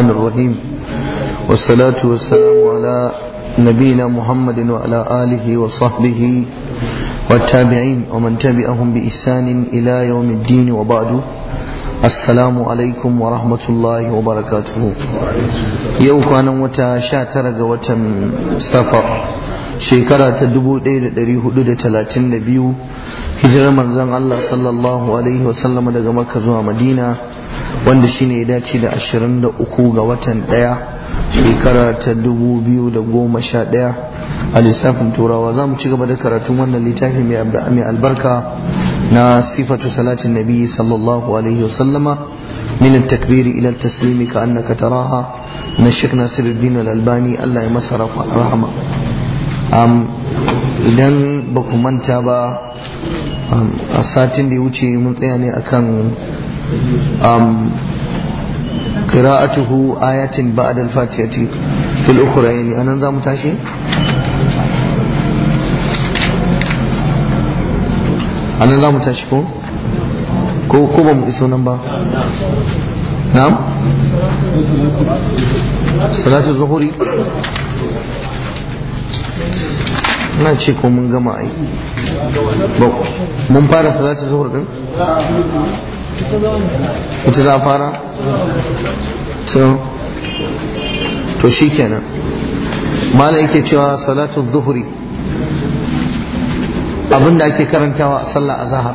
الرحمن الرحيم والصلاة والسلام على نبينا محمد وعلى آله وصحبه والتابعين ومن تبعهم بإحسان إلى يوم الدين وبعد السلام عليكم ورحمة الله وبركاته يوم كان متى شاتر سفر shekara ta 1432 hijirar manzon Allah sallallahu alaihi wasallam daga Makka zuwa Madina wanda shine ya dace da 23 ga watan ɗaya shekara ta 2011 a lissafin turawa za mu ci gaba da karatun wannan littafi mai albarka na sifatu salatin nabi sallallahu alaihi wasallama من taslimi إلى التسليم كأنك na من الشيخ ناصر الدين الألباني الله masa رحمه idan ba ku manta ba a satin da ya wuce mun tsaya ne a kan kira kira'atuhu ayatin ba'ad al-fatihati fil ukrain anan za mu tashi anan za mu tashi ko ko ko ba mu iso nan ba na'am salatu zuhuri na ce ko mun gama ai mun fara salatu zuhur din ita za fara to to shikenan mala yake cewa salatu zuhuri abinda ake karantawa a sallar azhar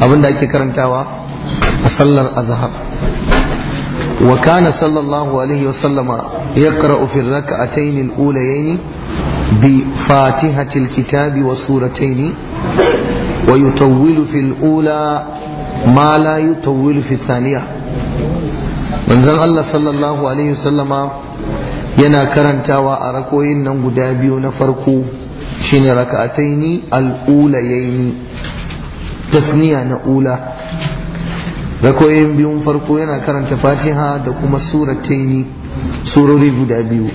abinda ake karantawa a sallar azhar وكان صلى الله عليه وسلم يقرأ في الركعتين الأوليين بفاتحة الكتاب وسورتين ويطول في الأولى ما لا يطول في الثانية من زن الله صلى الله عليه وسلم ينا كرنتاوى أركوين نمدابي نفركو شين ركعتين الأوليين تسنية نأولى rakoyin biyun farko yana karanta fatiha da kuma surataini surori guda biyu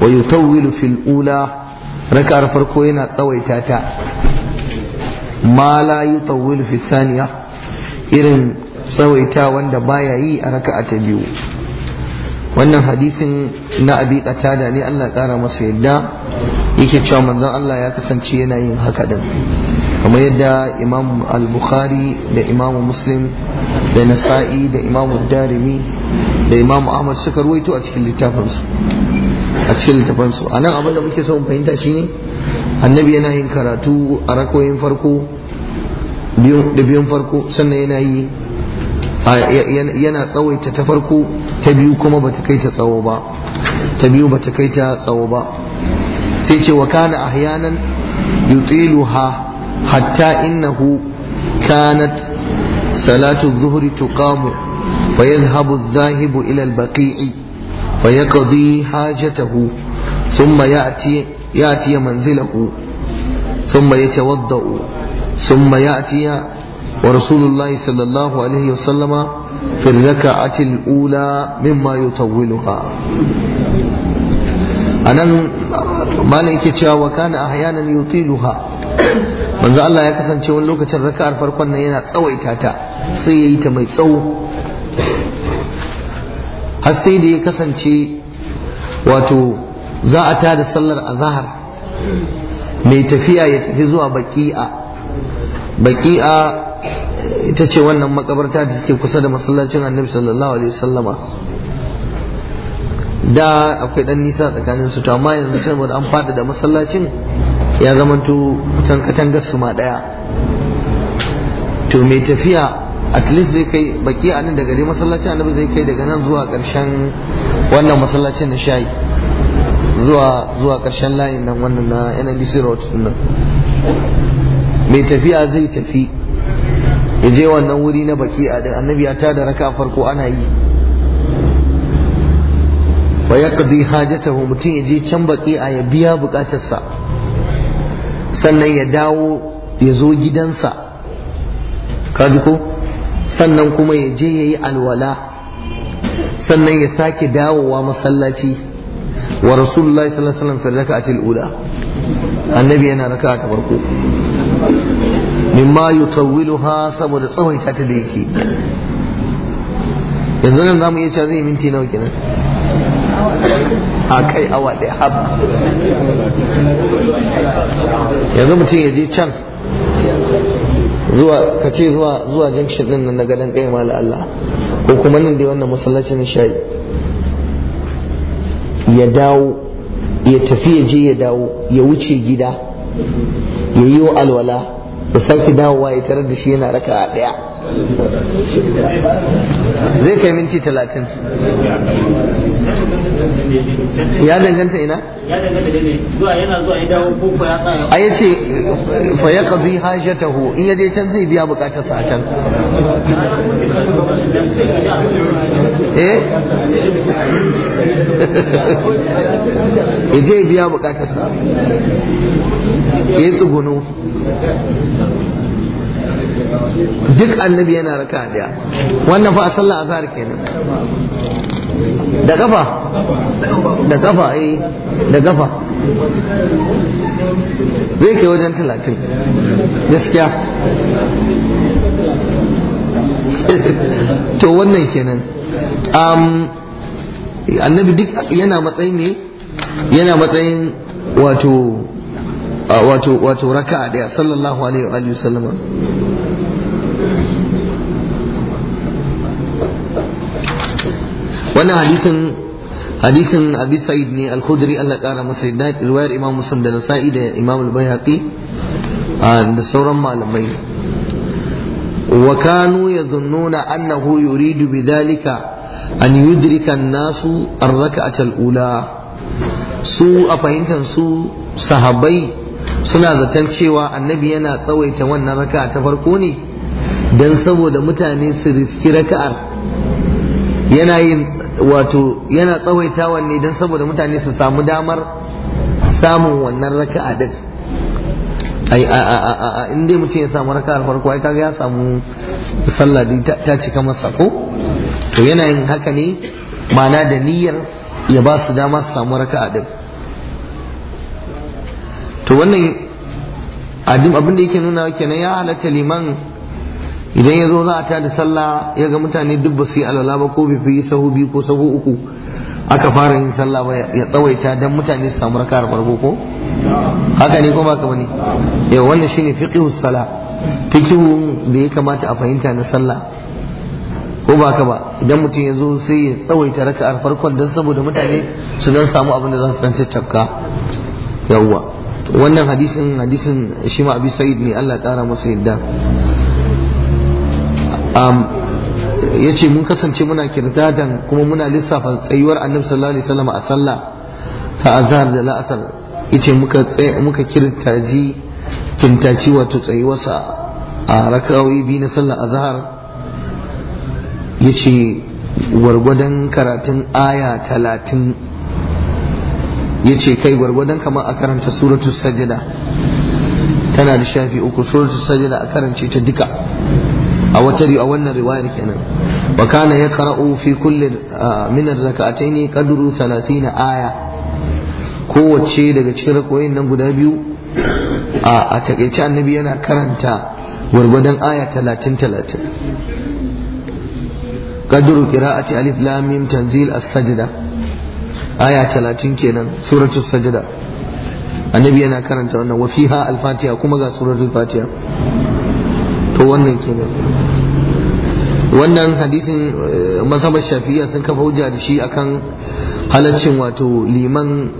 wa yutawwilu fil ula raka'ar farko yana tsawaita ta ma la yutawwilu fis saniya irin tsawaita wanda baya yi a raka'a ta biyu wannan hadisin na abi qatada ne Allah kara masa yadda yake cewa manzon Allah ya kasance yana yin haka din kamar yadda imam al-bukhari da imam muslim da nasa'i da imam darimi da imam ahmad suka ruwaito a cikin littafinsu a cikin littafinsu a nan abinda muke son fahimta shine annabi yana yin karatu a rakoyin farko da biyun farko sannan yana yi yana tsawaita ta farko ta biyu kuma ta kai ta tsawo ba ta biyu ta kai ta tsawo ba sai ce wa kana ahyanan yutiluha hatta innahu kanat salatu zuhri tuqamu فيذهب الذاهب إلى البقيع فيقضي حاجته ثم يأتي يأتي منزله ثم يتوضأ ثم يأتي ورسول الله صلى الله عليه وسلم في الركعة الأولى مما يطولها أنا ما لك وكان أحيانا يطيلها manzo Allah ya kasance wani lokacin raka'ar farkon nan yana tsawaita ta sai yayi ta mai tsawo har sai da ya kasance wato za a tada sallar azahar mai tafiya ya tafi zuwa baki'a baki'a ita ce wannan makabarta da suke kusa da masallacin annabi sallallahu alaihi wasallama da akwai dan nisa tsakanin su to amma yanzu saboda an fada da masallacin ya zamanto kusan katangar su ma daya to mai tafiya at least zai kai baki a nan daga masallacin annabi zai kai daga nan zuwa karshen wannan masallacin na shayi zuwa zuwa karshen layin nan wannan na NNDC road nan mai tafiya zai tafi ya je wannan wuri na baki a da annabi ya tada raka farko ana yi wa yaqdi hajatahu mutum ya je can baki a ya biya buƙatarsa sannan ya dawo ya zo gidansa kaji ko sannan kuma ya je ya yi alwala sannan ya sake dawowa masallaci wa rasulullah sallallahu alaihi wasallam fi raka'atil ula annabi yana raka ta farko mimma yutawwiluha saboda tsawaita ta da yake yanzu nan zamu iya cewa zai minti nawa kenan a kai awa ɗaya hab yanzu mutum ya je can zuwa ka ce zuwa zuwa junction din na gadon kai mala Allah ko kuma nan dai wannan masallacin shayi ya dawo ya tafi ya je ya dawo ya wuce gida ya yi wa alwala ya sake dawowa ya tarar da shi yana raka a ɗaya zai kai minti talatin ya danganta ina ya danganta ne zuwa yana zuwa ya dawo ko ya tsaya a ya yace fa ya ta hu in yaje can zai biya bukatar sa a can eh ya yaje biya bukatar sa ya tsugunu duk annabi yana raka daya wannan fa a sallar azhar kenan da kafa da kafa eh da kafa zai kai wajen talatin gaskiya to wannan kenan annabi duk yana matsayin ne yana matsayin wato wato wato raka'a daya sallallahu alaihi wa sallam wannan hadisin hadisin abi sa'id ne al-khudri Allah kara masa hidayat riwayar imam muslim da nasa'i da imam al-baihaqi da sauran malamai wa kanu yadhunnuna annahu yuridu bidhalika an yudrika an-nasu ar-rak'ata al-ula su a fahimtar su sahabbai suna zaton cewa annabi yana tsawaita wannan raka'a ta farko ne dan saboda mutane su riski raka'ar yana yin wato yana tsawaita ne don saboda mutane su samu damar samun wannan raka'a a a a in dai mutum ya samu raka'a farko ai kaga ya samu sallah ta cika masa ko to yana yin haka ne ma'ana da niyyar ya ba su dama su samu raka'a din to wannan abin da yake nuna kenan ya halatta liman idan ya zo za a tada sallah ya ga mutane duk ba su yi alwala ba ko bifi sahu biyu ko sahu uku aka fara yin sallah ba ya tsawaita don mutane su samu raka'ar farko ko haka ne ko baka bane yau wannan shine fiqhus sallah? fiqhun da ya kamata a fahimta na sallah ko baka ba idan mutum ya zo sai ya tsawaita raka'ar farkon don saboda mutane su dan samu abin da za su san caccabka yawwa wannan hadisin hadisin shi ma abi sa'id ne Allah ya kara masa yadda ya ce mun kasance muna kirdadan kuma muna lissafa tsayuwar annabi sallallahu alaihi wasallam a sallah ta azhar da la'asar yace muka muka kirtaji kintaci wato tsayuwarsa a rakawi biyu na sallar azhar yace gwargwadon karatun aya talatin yace kai gwargwadon kamar a karanta suratul sajda tana da shafi uku suratul sajda a karance ta duka a wata a wannan riwayar kenan wa kana yaqra'u fi kulli min ar-rak'atayn qadru 30 aya kowace daga cikin rakoyin nan guda biyu a takaice annabi yana karanta gwargwadon aya 30 30 qadru qira'ati alif lam mim tanzil as-sajda aya 30 kenan suratul sajda annabi yana karanta wannan wa fiha al-fatiha kuma ga suratul fatiha to wannan kenan wannan hadisin eh, mazhabar shafiya sun kafa hujja da shi akan halaccin wato liman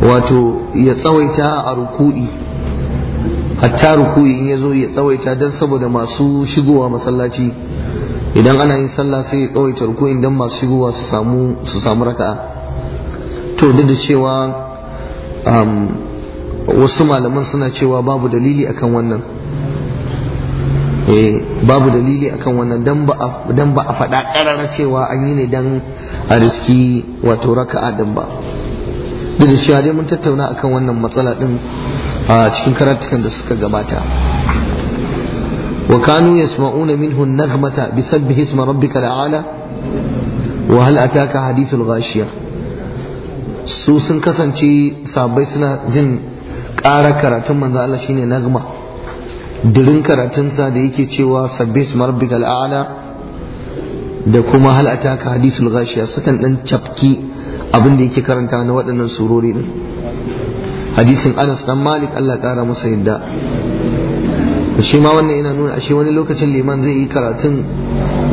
wato ya tsawaita a ruku'i hatta ruku'i in ya zo ya tsawaita don saboda masu shigowa masallaci idan ana yin sallah sai ya tsawaita ruku'i don masu shigowa su samu su samu raka'a to duk da cewa wasu malaman suna cewa babu dalili akan wannan Eh, babu dalili akan wannan dan ba a faɗa ƙarara cewa an yi ne dan a riski wato raka'a dan ba duk da cewa dai mun tattauna akan wannan matsala din a cikin karatukan da suka gabata wa kanu yasma'una minhu an-naghmata bi sabbihi isma rabbika al-a'la wa hal ataka hadithul ghashiya su sun kasance sabai suna jin ƙara karatun manzo Allah shine nagma dirin karatunsa da yake cewa sabbis marbikal al'ala da kuma hal ataka hadisul ghashiya sukan dan cafki abin da yake karanta na waɗannan surori din hadisin Anas dan Malik Allah ƙara masa yadda shi ma wannan yana nuna ashe wani lokacin liman zai yi karatun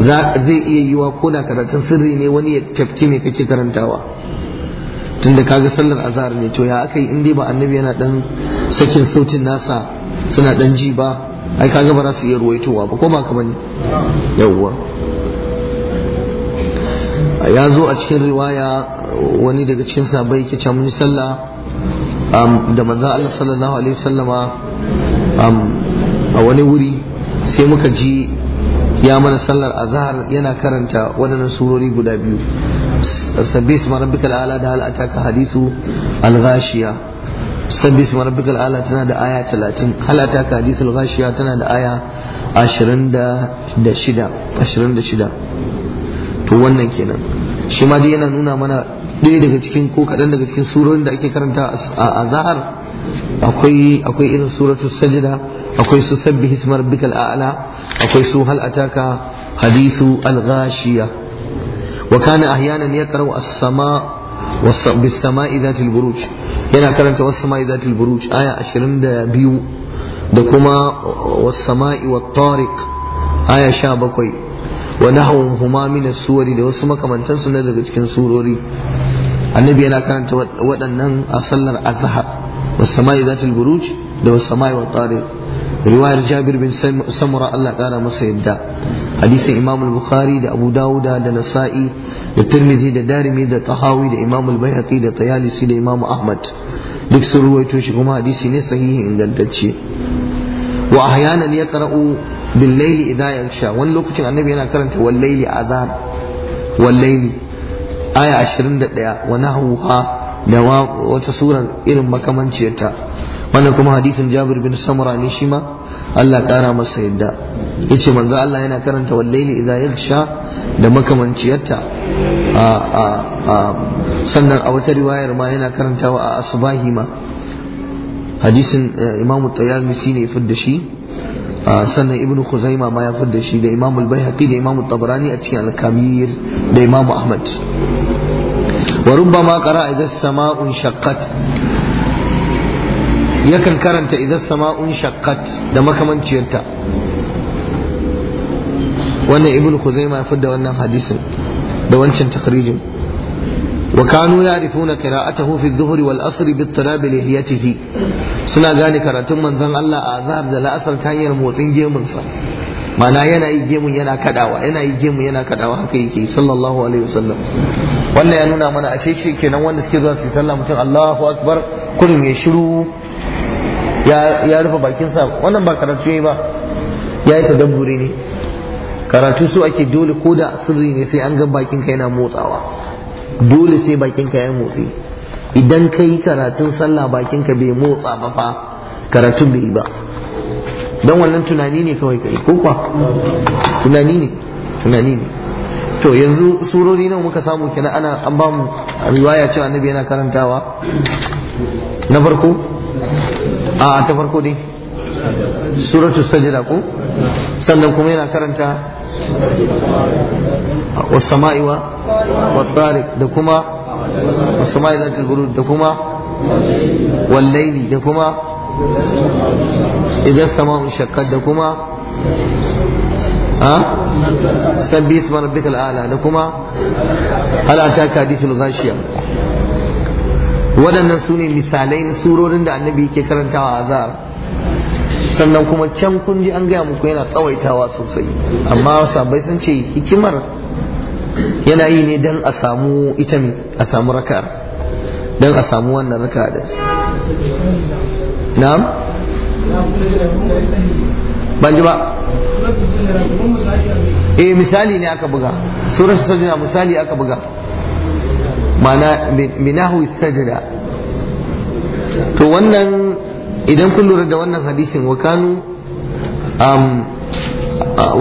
zai iya yiwa ko da karatun sirri ne wani ya cafki mai kake karantawa tunda kaga sallar azhar ne to ya aka yi in dai ba annabi yana dan sakin sautin nasa suna dan ji ba ai ka ga ba za su iya ruwaitowa ba ko ba ka bane yawwa ya zo a cikin riwaya wani daga cikin sabai ke cewa mun sallah da manzo Allah sallallahu alaihi wasallama a wani wuri sai muka ji ya mana sallar azhar yana karanta waɗannan surori guda biyu sabbi isma rabbikal ala da hal ataka hadithu al-ghashiya sabbi su rabbikal ala tana da aya talatin, halata ka hadisul gashiya tana da aya ashirin da shida. to wannan kenan shi ma yana nuna mana ɗaya daga cikin ko kaɗan daga cikin surorin da ake karanta a zahar akwai akwai irin suratu sajda akwai su sabbi hismar bikal a'la akwai su hal ataka hadithu al-ghashiya wa kana ahyanan yaqra'u as-sama' bisama'i zatil buruj yana karanta wasama'i zatil buruj aya 22 da kuma wasama'i wat tariq aya 17 wa nahwuhuma min as-suwari da wasu makamantan su daga cikin surori annabi yana karanta waɗannan a sallar azhar والسماء ذات البروج ده والسماء والطارق رواية جابر بن سمرة الله قال مصر يبدأ حديث إمام البخاري ده أبو داود ده نسائي ده الترمذي ده دارمي ده طحاوي ده إمام البيهقي ده طيالسي ده إمام أحمد duk sun ruwaito shi kuma hadisi ne sahihi ingantacce wa ahyanan ya qara'u bil layli idha yaksha wani lokacin annabi yana karanta wal layli azhar wal layli aya 21 wa nahwuha da wata surar irin makamanciyarta wannan kuma hadisin jabir bin samura ne shi ma Allah kara masa yadda yace manzo Allah yana karanta wallaili idza yaghsha da makamanciyarta sannan a wata riwayar ma yana karantawa a asbahi ma hadisin eh, imamu tayalisi ne fidda shi sannan ibn khuzaima ma ya fidda shi da imamu al-baihaqi da imamu tabarani a cikin al-kabir da imamu ahmad wa rubbama qara idan sama'un shaqqat yakan karanta idan sama'un shaqqat da makamanciyarta wannan ibnu khuzaima ya fidda wannan hadisin da wancan takhrijin wa kanu ya'rifuna qira'atahu fi adh-dhuhr wal 'asr bi ittilab lihiyatihi suna gane karatun manzon Allah a azhar da la'asar ta hanyar motsin gemunsa mana yana yi gemu yana kadawa yana yi gemu yana kadawa haka yake sallallahu alaihi wasallam wannan ya nuna mana a ce shi kenan wanda suke zuwa su sallah mutum Allahu akbar kullum ya shiru ya ya rufe bakin sa wannan ba karatu ne ba ya yi tadabburi ne karatu su ake dole ko da sirri ne sai an ga bakin ka yana motsawa dole sai bakin ka ya motsi idan kai karatun sallah bakin ka bai motsa ba fa karatun bai ba don wannan tunani ne kawai kai ko kwa tunani ne tunani ne to yanzu surori nan muka samu kenan ana an ba mu riwaya cewa annabi yana karantawa na farko a ta farko dai suratu sajda ko sannan kuma yana karanta wasama'i wa wattariq da kuma wasama'i da kuma wallaili da kuma idan sama shakkar da kuma san sabbi isma rabbi al'ala da kuma halatta ka hadithul zashiya waɗannan su ne misalai na surorin da annabi yake karantawa a azhar sannan kuma can kunji an gaya muku yana tsawaitawa sosai amma sabai sun ce hikimar yana yi ne don a samu itami a samu raka don a samu wannan da. na'am ban ji ba eh misali ne aka buga surah sajda misali aka buga mana binahu sajda to wannan idan kun lura da wannan hadisin wa kanu um,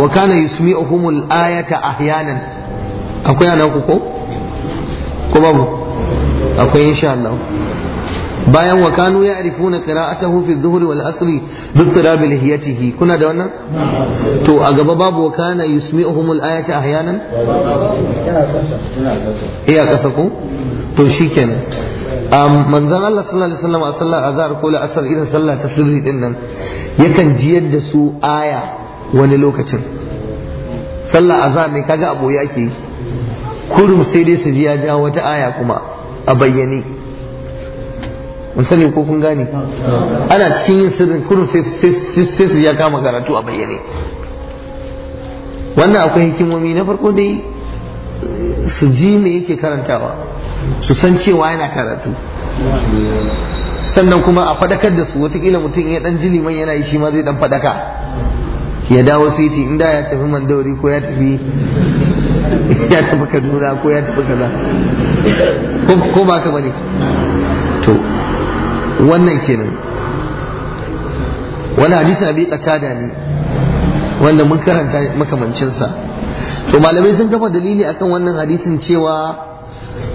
wa kana yusmi'uhumul ayata ahyanan akwai anan ko ko babu akwai insha Allah bayan wa kanu ya arifuna qira'atahu fi dhuhri wal asri bi tirabi lihiyatihi kuna da wannan to a gaba babu wa kana yusmi'uhumul ayati ahyanan iya eh, kasa ko to shikenan manzon Allah sallallahu alaihi wasallam a sallar azhar ko asar idan sallah ta sirri din nan yakan jiyar da su aya wani lokacin sallah azhar ne kaga abu yake kurum sai dai su ji ya ja wata aya kuma a bayyane mun sani ko kun gane ah. ana cikin yin sirrin kurun sai su ya kama karatu a bayyane wannan akwai hikimomi na farko dai su ji me yake karantawa su san cewa yana karatu sannan kuma a fadakar da su watakila mutum ya dan jini liman yana yi shi ma zai dan fadaka ya dawo siti inda ya tafi mandauri ko ya tafi ya tafi kaduna ko ya tafi kaza ko ba ka bane wannan kenan wani hadisin abi tsakada ne wanda mun karanta makamancinsa to malamai sun kafa dalili akan wannan hadisin cewa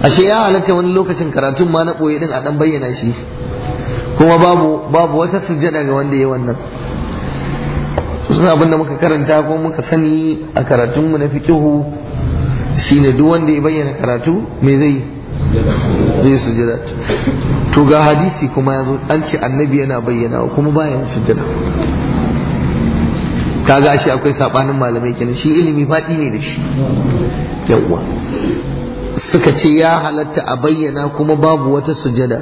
ashe ya halatta wani lokacin karatun ma na ɓoye din a ɗan bayyana shi kuma babu babu wata sujjada ga wanda ya wannan sun abin da muka karanta ko muka sani a karatunmu na fiƙihu shine duk wanda ya bayyana karatu mai zai zai sujjada to ga hadisi kuma ya zo an ce annabi yana bayyana kuma bayan sujjada kaga ashe akwai sabanin malamai kenan shi ilimi fadi ne da shi yawwa suka ce ya halatta a bayyana kuma babu wata sujada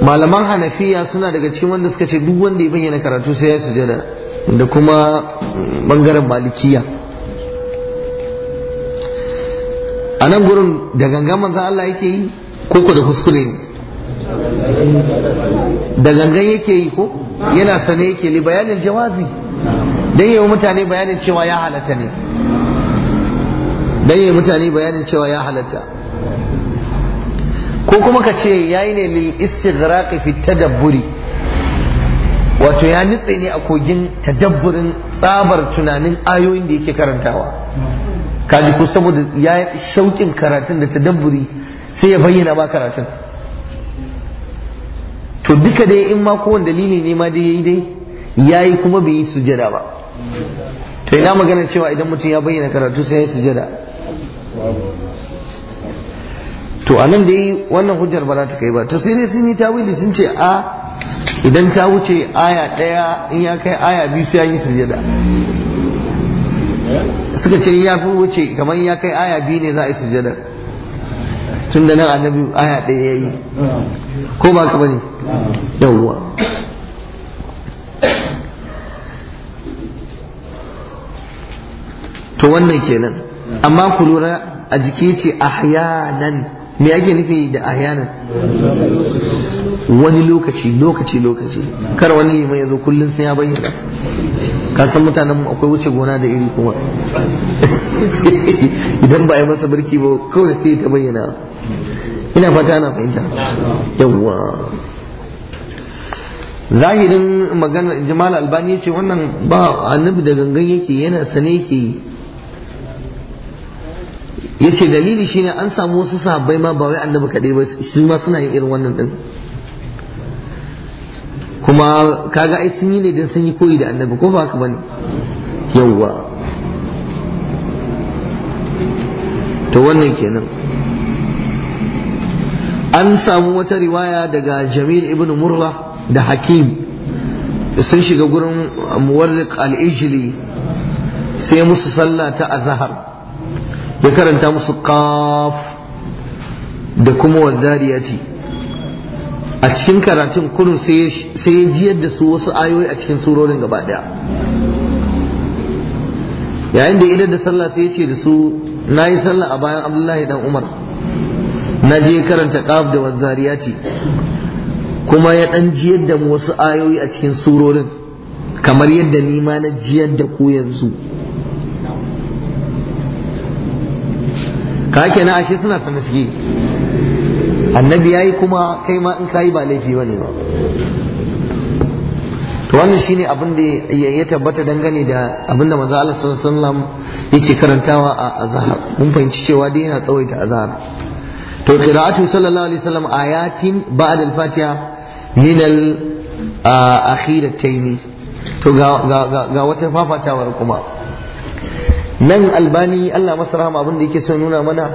malaman hanafiya suna daga cikin wanda suka ce duk wanda ya bayyana karatu sai ya sujada da kuma bangaren malikiya a nan gurin da gangan manzan Allah yake yi ko ko da kuskure ne da gangan yake yi ko yana sane yake li bayanin jawazi dan yayi mutane bayanin cewa ya halatta ne dan yayi mutane bayanin cewa ya halatta ko kuma ka ce yayi ne lil istighraqi fi tadabburi wato ya nitse ne a kogin tadabburin tsabar tunanin ayoyin da yake karantawa kaji ko saboda ya shauƙin karatun da tadabburi sai ya bayyana ba karatun to duka dai in ma kowane dalili ne ma dai yayi dai yi kuma bai yi sujada ba to ina magana cewa idan mutum ya bayyana karatu sai ya sujada to anan dai wannan hujjar ba za ta kai ba to sai dai sun yi tawili sun ce a idan ta wuce aya ɗaya in ya kai aya biyu sai ya yi sujada suka ce ya fi wuce kamar ya kai aya biyu ne za a yi sujjadar tun da nan annabi aya ɗaya ya yi ko ba ka bane yawwa to wannan kenan amma ku lura a jiki ce a ahyanan me ake nufi da ahyanan wani lokaci lokaci lokaci kar wani liman ya zo kullum sai ya bayyana ka san mutanen mu akwai wuce gona da iri kuma idan ba a yi masa birki ba kawai sai ta bayyana ina fata ana fahimta yawwa zahirin magana jamal albani ce wannan ba annabi da gangan yake yana sane yake ya ce dalili shine an samu wasu sahabbai ma ba wai annabi kadai ba su ma suna yin irin wannan din kuma kaga ai sun yi ne don sun yi koyi da annabi ko ba haka bane yawwa to wannan kenan an samu wata riwaya daga jamil ibn murra da hakim sun shiga gurin muwarriq al-ijli sai musu sallah ta azhar ya karanta musu kaf da kuma wazariyati a cikin karatun kurun sai ya jiyar da su wasu ayoyi a cikin surorin gaba daya yayin da idan da sallah sai ya ce da su na yi sallah a bayan abdullahi dan umar na je karanta kaf da wazariyati kuma ya dan jiyar da mu wasu ayoyi a cikin surorin kamar yadda ni ma na jiyar da ku yanzu ka kenan ashe suna sana suke annabi yayi kuma kai ma in kayi ba laifi ne ba to wannan shine abin da ya tabbata dangane da abin da manzo Allah sallallahu alaihi wasallam karantawa a azhar mun fahimci cewa da yana tsawaita azhar to qira'atu sallallahu alaihi wasallam ayatin ba'd al-fatiha min al-akhiratayn to ga ga ga wata fafatawar kuma nan albani Allah masa rahama abin da yake so nuna mana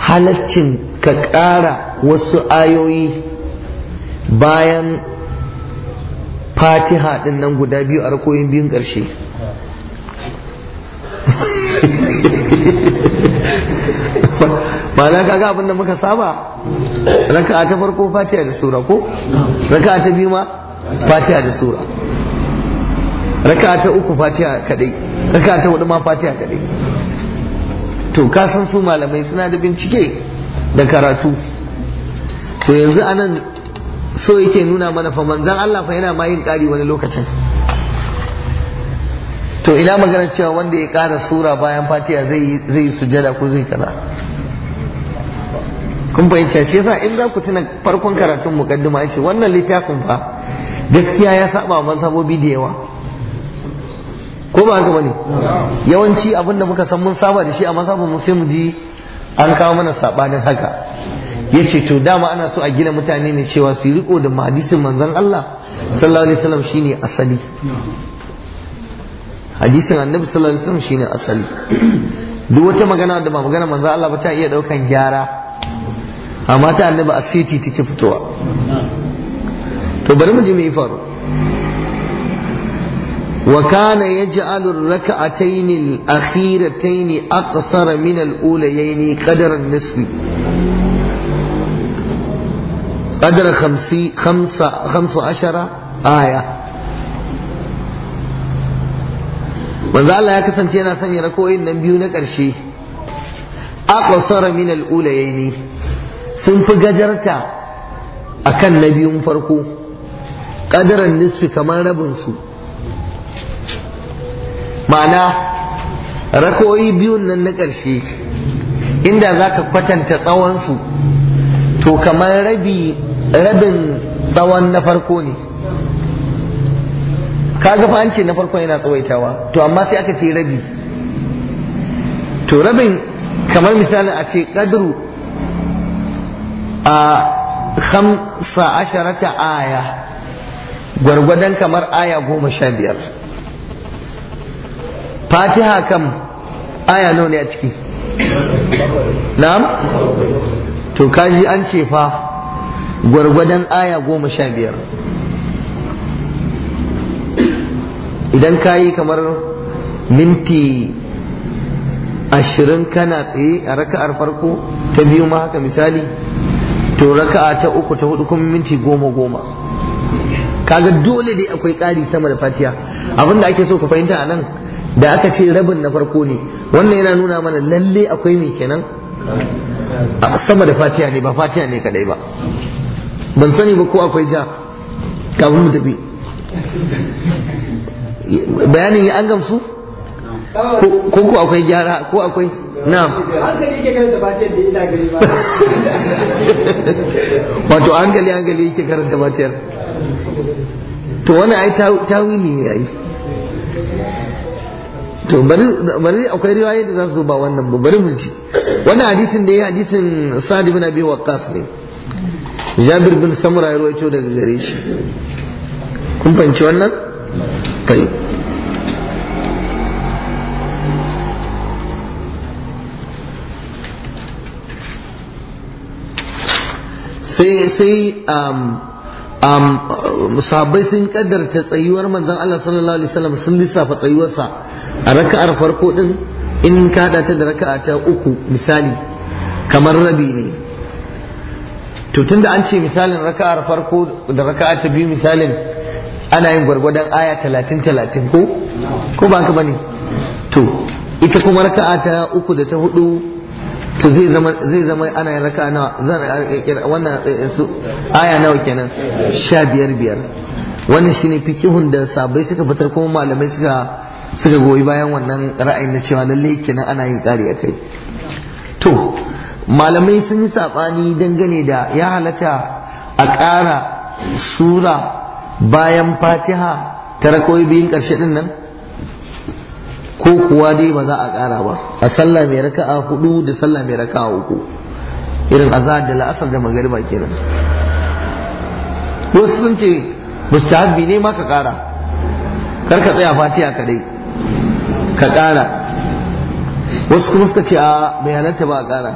halaccin ka ƙara wasu ayoyi bayan fatiha din nan guda biyu a rakoyin biyun ƙarshe ma'ana kaga abin da muka saba raka ta farko fatiha da sura ko raka ta biyu ma fatiha da sura raka ta uku fatiha kadai raka ta hudu ma fatiha kadai to ka su malamai suna da bincike da karatu to yanzu anan so yake nuna mana fa manzan Allah fa yana ma yin kari wani lokacin to ina magana cewa wanda ya kara sura bayan Fatiya zai zai sujada ko zai kaza kun fahimta shi yasa in za ku tuna farkon karatun mukaddima ce wannan littafin fa gaskiya ya saba mazhabobi da yawa ko ba haka bane yawanci abin da muka san mun saba da shi amma sabu mun sai mu ji an kawo mana sabanin haka yace to dama ana so a gina mutane ne cewa su riko da hadisin manzon Allah sallallahu alaihi wasallam shine asali hadisin annabi sallallahu alaihi wasallam shine asali duk wata magana da ba magana manzon Allah ba ta iya daukan gyara amma ta annabi asiti take fitowa to bari mu ji me faru وكان يجعل الركعتين الأخيرتين أقصر من الأوليين قدر النصف قدر خمس خمس عشرة آية من ذا الله يكتن تينا سنة ركوعين نبيونك نكر أقصر من الأوليين سنف فقدرتا أكن نبيو فرقو قدر النصف كما نبنسو ma'ana rakoyi biyun nan na ƙarshe inda za ka kwatanta tsawonsu to kamar rabi rabin tsawon na farko ne Ka ga an na farkon yana tsawaitawa to amma sai aka ce rabi to rabin kamar misali, a ce ƙadru a khamsa asharata aya gwargwadon kamar aya goma sha biyar fatiha kam aya nawa ne a ciki na'am to kaji an ce fa gwargwadon aya goma sha biyar idan ka kamar minti ashirin kana tsaye a raka'ar farko ta biyu ma haka misali to raka'a ta uku ta hudu kuma minti goma goma kaga dole dai akwai ƙari sama da fatiya abinda ake so ku fahimta anan. da aka ce rabin na farko ne wannan yana nuna mana lalle akwai mai kenan sama da Fatiya ne ba Fatiya ne kadai ba ban sani ba ko akwai ja kafin mu tafi bayanin ya an gamsu ko ko akwai gyara ko akwai na'am wato hankali hankali yake karanta matiyar to wani ai tawili ne ai to bari akwai riwaye da za su ba wannan ba bari mu ji wannan hadisin da ya hadisin sa'ad ibn abi waqqas ne jabir bin samura ya rawaito daga gare shi kun fanci wannan kai sai sai um, sahabbai sun kaddarta tsayuwar manzan Allah sallallahu alaihi wasallam sun lissafa tsayuwarsa a raka'ar farko din in ka hada ta da raka'a ta uku misali kamar rabi ne to tunda an ce misalin raka'ar farko da raka'a ta biyu misalin ana yin gwargwadon aya talatin talatin ko ko ba haka bane to ita kuma raka'a ta uku da ta hudu to zai zama zai zama ana yin raka nawa zan wannan eh, eh, su aya nawa kenan sha biyar biyar wannan shine fikihun da sabai suka fitar kuma malamai suka suka goyi bayan wannan ra'ayin na cewa lallai kenan ana yin ƙari a kai to malamai sun yi saɓani dangane da ya halatta a ƙara sura bayan fatiha ta rakoyi biyun ƙarshe din nan ko kuwa dai ba za a ƙara ba a sallah mai raka'a hudu da sallah mai raka'a uku irin azhar da la'asar da magariba kenan wasu sun ce mustahabbi ne ma ka ƙara kar ka tsaya fatiha dai ka ƙara wasu kuma suka ce a bai halatta ba a ƙara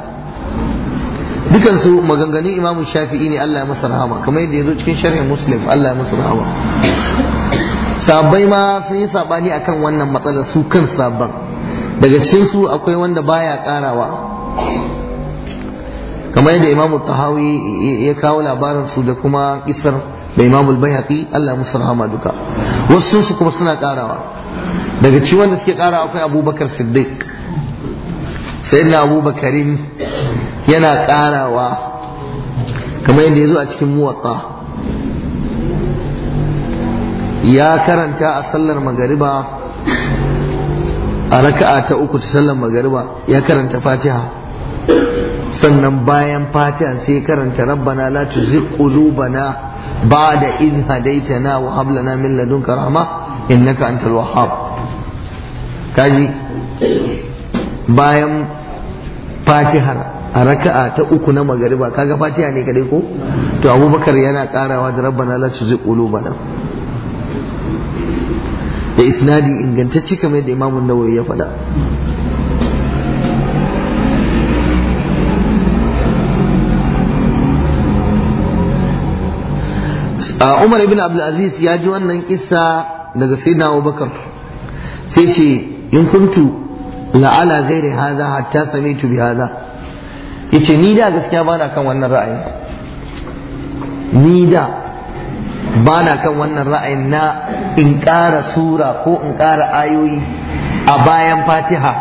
dukansu maganganun imamu shafi'i ne Allah ya masa rahama kamar yadda ya zo cikin sharhin muslim Allah ya masa rahama sabai ma sun yi sabani akan wannan matsalar su kan sabon daga cikin su akwai wanda baya karawa kamar yadda imamu tahawi ya kawo labarin su da kuma kisar da imamu bayhaqi Allah musu rahama duka wasu su kuma suna karawa daga cikin wanda suke karawa akwai abubakar siddiq sayyidina abubakarin yana karawa kamar yadda ya zo a cikin muwatta ya karanta a sallar magariba a raka'a ta uku ta sallar magariba ya karanta fatiha sannan bayan fatiha sai karanta rabbana la tuzigh qulubana ba'da idh hadaytana wa hab lana min ladunka rahma innaka antal wahhab kaji bayan fatiha a raka'a ta uku na magariba kaga fatiha ne kadai ko to abubakar yana karawa da rabbana la tuzigh qulubana da isnadi ingantacci kamar da imamun nawawi ya faɗa Umar ibn Abdulaziz ya ji wannan kissa daga Sayyidina Abubakar sai ce in kuntu la'ala gairi haza hatta samitu bi haza yace ni da gaskiya bana kan wannan ra'ayi, ni da ba na kan wannan ra'ayin na in ƙara sura ko in ƙara ayoyi a bayan fatiha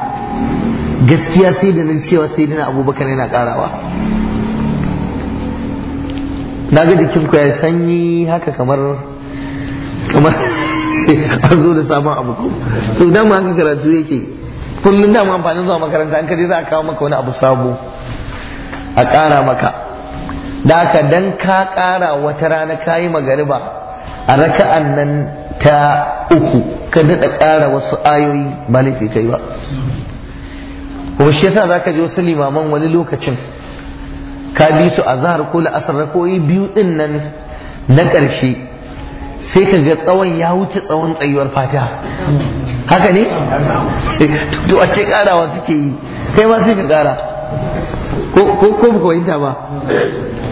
gaskiya sai da nan cewa sai dina abubakar yana ƙarawa na ga jikinku ya sanyi haka kamar kamar an zo da samun abu to idan ma haka karatu yake kullum da amfani zuwa makaranta an kaje za a kawo maka wani abu sabo a ƙara maka da aka dan ka ƙara wata rana ka yi magariba a raka'an nan ta uku ka daɗa ƙara wasu ayoyi ba laifi kai ba ko shi yasa zaka ji wasu limaman wani lokacin ka bi su a zahar ko la'asar biyu din nan na ƙarshe sai ka ga tsawon ya wuce tsawon tsayuwar fatiha haka ne to a ce ƙarawa suke yi kai ma sai ka ƙara ko ko ba ba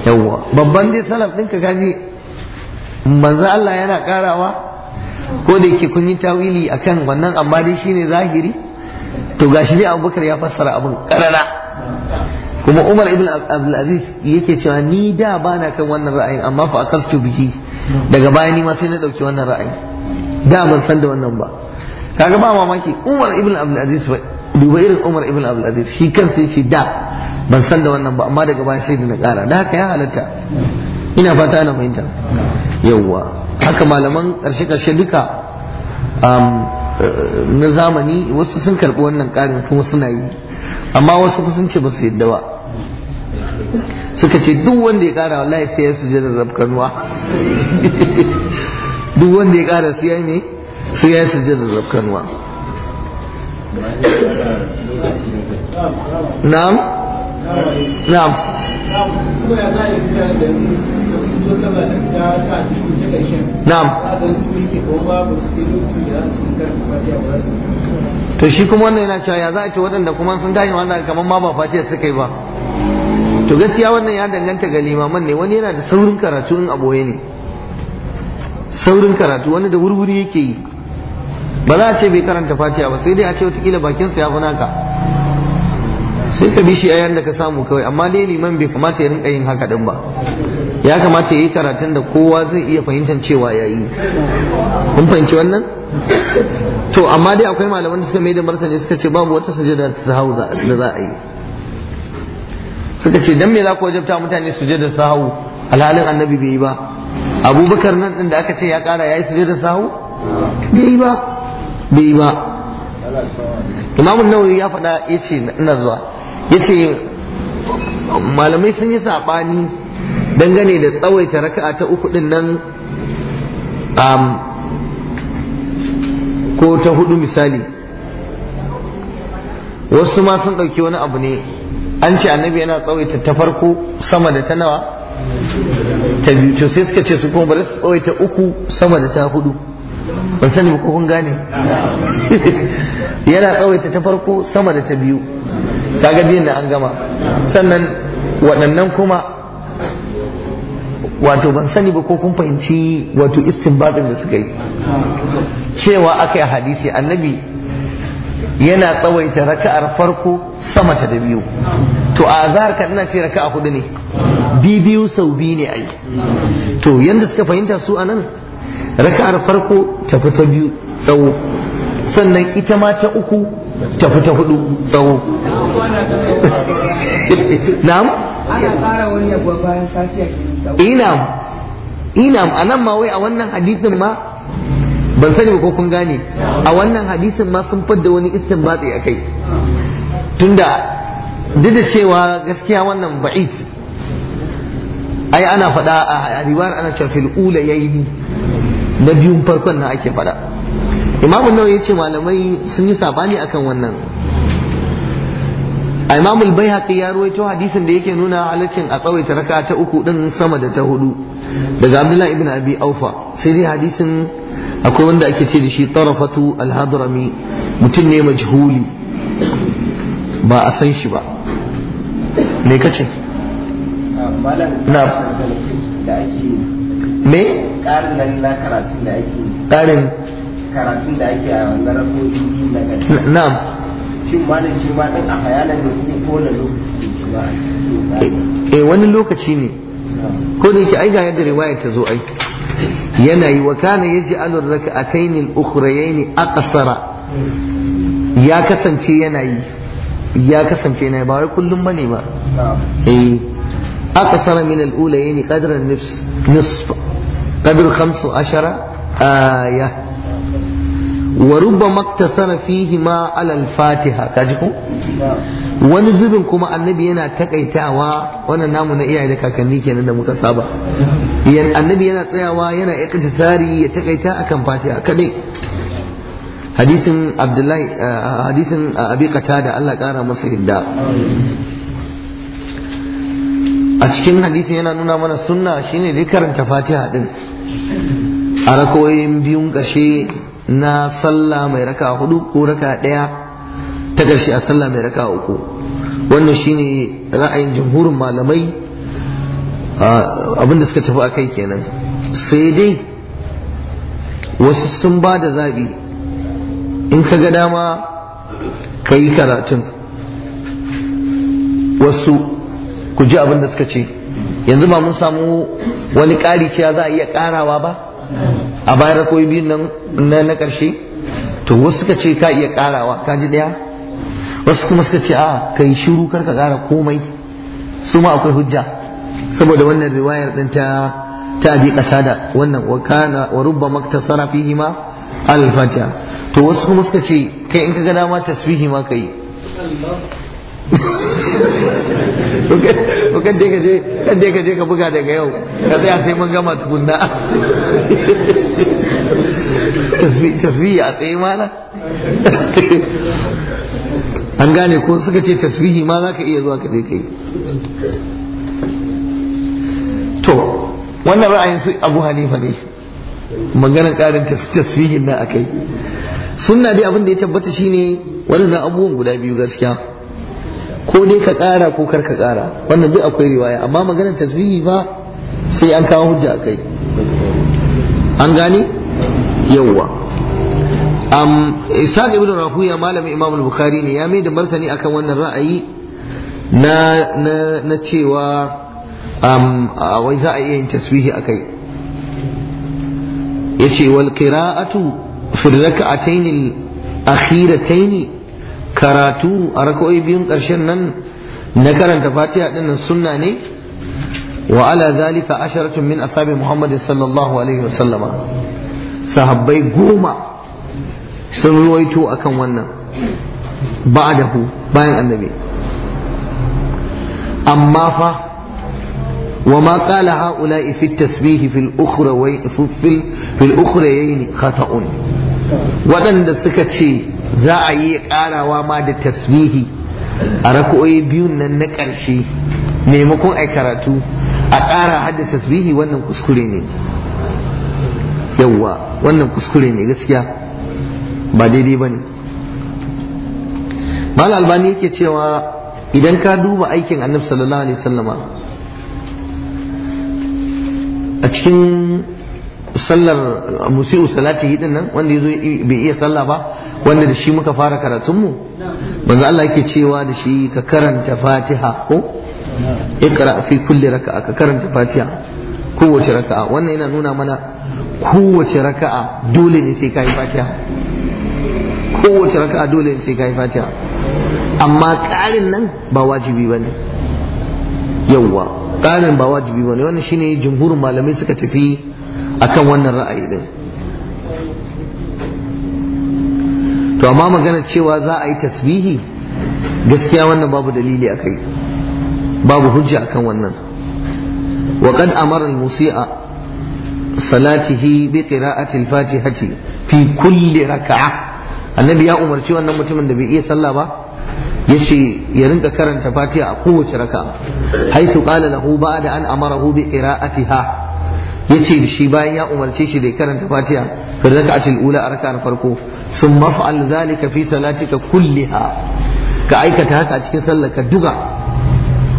yawwa babban dai salaf ɗinka kaji manzo Allah yana karawa ko da yake kun yi tawili akan wannan amma dai shine zahiri to gashi dai Abubakar ya fassara abin karara kuma Umar ibn Abdul Aziz yake cewa ni da ba na kan wannan ra'ayin amma fa to bihi daga baya ni ma sai na dauki wannan ra'ayi da ban san da wannan ba kaga ba mamaki Umar ibn Abdul Aziz duba irin Umar ibn Abdul Aziz shi kansa shi da ban san da wannan ba amma daga baya sai da na da haka ya halatta ina fata ana fahimta yawwa haka malaman karshe karshe duka um, na zamani wasu sun karɓi wannan ƙarin kuma suna yi amma wasu sun ce ba su yadda ba suka ce duk wanda ya ƙara wallahi sai ya suje da rafkanuwa duk wanda ya ƙara su ya ne su ya suje da rafkanuwa na'am na'am na'am to shi kuma wannan yana cewa ya za a ce waɗanda kuma sun tashi wannan kamar ma ba fatiyar suka yi ba to gaskiya wannan ya danganta ga limaman ne wani yana da saurin karatu in aboye ne saurin karatu wani da wurwuri yake yi ba za a ce bai karanta fatiya ba sai dai a ce watakila bakinsa ya fi naka sai ka bi shi a da ka samu kawai amma dai liman bai kamata ya rinka yin haka din ba ya kamata ya yi karatun da kowa zai iya fahimtar cewa ya yi kun fahimci wannan to amma dai akwai malaman da suka mai da martani suka ce babu wata sujada ta sahau da za a yi suka ce dan me za ku wajabta mutane sujada sahau alhalin annabi bai yi ba abubakar nan din da aka ce ya kara ya yi sujada sahau bai yi ba bai yi ba imamun nawawi ya faɗa ya ce ina zuwa yace malamai sun yi saɓani dangane da tsawaita raka'a ta uku din nan ko ta hudu misali wasu ma sun ɗauki wani abu ne an ce annabi yana tsawaita ta farko sama da ta nawa ta biyu to sai suka ce su kuma bari su tsawaita uku sama da ta hudu ban sani ko kun gane yana tsawaita ta farko sama da ta biyu kaga biyun da an gama sannan waɗannan kuma wato ban sani ba ko kun fahimci wato istinbatin da suka yi cewa aka yi hadisi annabi yana tsawaita raka'ar farko sama ta da biyu to a zahar ka ina ce raka'a hudu ne Bi biyu sau biyu ne ai to yanda suka fahimta su anan raka'ar farko ta fi ta biyu tsawo sannan ita ma ta uku ta fi ta hudu tsawo na'am ana fara wani yabuwa bayan eh, eh, ma wai a wannan hadisin ma ban sani ko kun gane a wannan hadisin ma sun fadda wani istinbati a kai tunda duk da cewa gaskiya wannan ba'id ai ana faɗa a riwayar ana cewa fil ula yayi na biyun farkon na ake faɗa imamun nawa ya ce malamai sun yi sabani akan wannan a imamul bai haƙi ya ruwaito hadisin da yake nuna halaccin a tsawaita raka ta uku ɗin sama da ta hudu daga abdullahi ibn abi aufa sai dai hadisin akwai wanda ake ce da shi tarafatu alhadrami mutum ne majhuli ba a san shi ba me kace na me Karin nan na karatun da ake ƙarin karatun da ake a wannan rakoji biyu na gari na'am shin ma da shi ma ɗin a hayalan da kuma kowane lokaci ne shi ma eh, eh, wani lokaci ne ko da yake ai ga yadda riwayar ta zo ai yana yi wa kana yaj'alu ar-rak'atayn al a kasara. ya kasance yana yi ya kasance yana ba wai kullum ba ne ba eh أقصر من الأولين قدر النصف نصف قدر خمس عشر آية وربما اقتصر فيهما على الفاتحة كاجكم wani zubin kuma annabi yana takaitawa wannan namu na iyaye da kakanni kenan da muka saba yan annabi yana tsayawa yana iktisari ya takaita akan fatiha kadai hadisin abdullahi hadisin abi Allah kara masa hidda a cikin hadisi yana nuna mana sunna shine dai karanta fatiha din a rakoyin biyun ƙarshe na sallah mai raka hudu ko raka ɗaya ta ƙarshe a sallah mai raka uku wannan shine ra'ayin jamhurin malamai abinda suka tafi a kai kenan sai dai wasu sun ba da zaɓi in ka ga dama ka yi karatun wasu ku ji abin da suka ce yanzu ba mun samu wani ƙari cewa za a iya ƙarawa ba a bayar koyi biyu nan na ƙarshe to wasu suka ce ka iya ƙarawa ka ji ɗaya wasu kuma suka ce a ka yi shiru kar ka ƙara komai su ma akwai hujja saboda wannan riwayar ɗin ta ta bi da wannan wa kana wa rubba maktasara fihi ma al-fatiha to wasu kuma suka ce kai in ka ga dama tasbihi ma kai kan dai kaje kan dai kaje ka buga daga yau ka tsaya sai mun gama tukunna tasbihi a tsaye mana an gane ko suka ce tasbihi ma za ka iya zuwa ka je kai to wannan ra'ayin su abu hanifa ne maganar karin tasbihin nan akai sunna dai abin da ya tabbata shine wannan abubuwan guda biyu gaskiya ko dai ka kara ko kar ka ƙara wannan duk akwai riwaya amma maganar tasbihi ba sai an kawo hujja kai. an gane yawwa um, ishaq ibn rahuya malamin imam al-bukhari ne ya mai da martani akan wannan ra'ayi na na na cewa am wai za a iya yin tasbihi akai yace wal qira'atu fi rak'atayn al-akhiratayn karatu a raka'o'i biyun ƙarshen nan na karanta fatiha din nan sunna ne wa ala zalika asharatun min ashabi muhammad sallallahu alaihi sallama. sahabbai goma sun ruwaito akan wannan ba'dahu bayan annabi amma fa وما قال tasbihi fil التسبيح في الأخرى في الأخريين خطأ waɗanda suka ce za a yi karawa ma da tasbihi a rako'oyi biyun nan na ƙarshe maimakon ai karatu a ƙara hada tasbihi wannan kuskure ne yawwa wannan kuskure ne gaskiya ba daidai ba ne mal albani yake cewa idan ka duba aikin annabi sallallahu alaihi sallama a cikin sallar musu salati hidin nan wanda ya zo bai iya sallah ba wanda da shi muka fara karatunmu manzo Allah yake cewa da shi ka karanta fatiha ko ikra fi kulli raka'a ka karanta fatiha kowace raka'a wannan yana nuna mana kowace raka'a dole ne sai ka yi fatiha kowace raka'a dole ne sai ka yi fatiha amma ƙarin nan ba wajibi ba ne yawwa ƙarin ba wajibi ba ne wannan shine jumhurin malamai suka tafi akan wannan ra'ayi din to amma magana cewa za a yi tasbihi gaskiya wannan babu dalili a kai babu hujja akan wannan wa qad amara musia salatihi bi qira'ati fatihati fi kulli raka'a annabi ya umarci wannan mutumin da bai iya sallah ba ce ya rinka karanta fatiha a kowace raka'a haisu qala lahu ba'da an amarahu bi qira'atiha yace shi bayan ya umarce shi da ya karanta fatiha fi raka'atil ula a na farko sun maf'al zalika fi salatika kulliha ka aikata haka a cikin sallar ka duka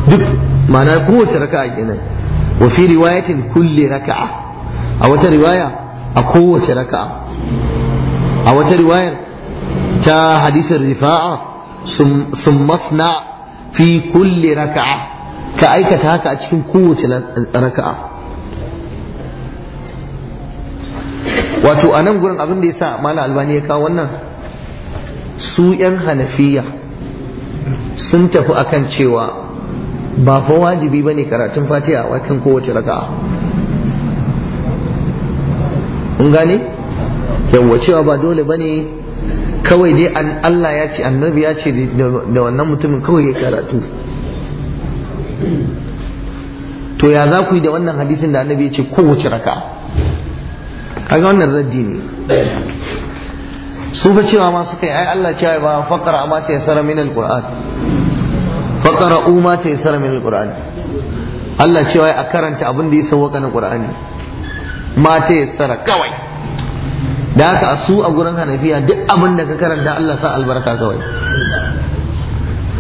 duk ma'ana kowace raka'a kenan wa fi riwayatin kulli raka'a a wata riwaya a kowace raka'a a wata riwayar ta hadisin rifa'a sun masna fi kulli raka'a ka aikata haka a cikin kowace raka'a wato a nan gurin abin da ya sa mala albani ya kawo wannan su yan hanafiya sun tafi akan cewa ba fa wajibi ba ne karatun fatiha a kan kowace raka'a kun gane yawwa cewa ba dole ba ne kawai dai an Allah ya ce annabi ya ce da wannan mutumin kawai ya karatu to ya za ku yi da wannan hadisin da annabi ya ce kowace raka'a kaga wannan raddi ne su fa cewa ma suka yi ai Allah cewa ba faqara amma ta yasara min alquran faqara ma ta yasara min alquran Allah cewa a karanta abin da ya sauka na qur'ani ma ta yasara kawai da haka a su a gurin hanafiya duk abin da ka karanta Allah sa albarka kawai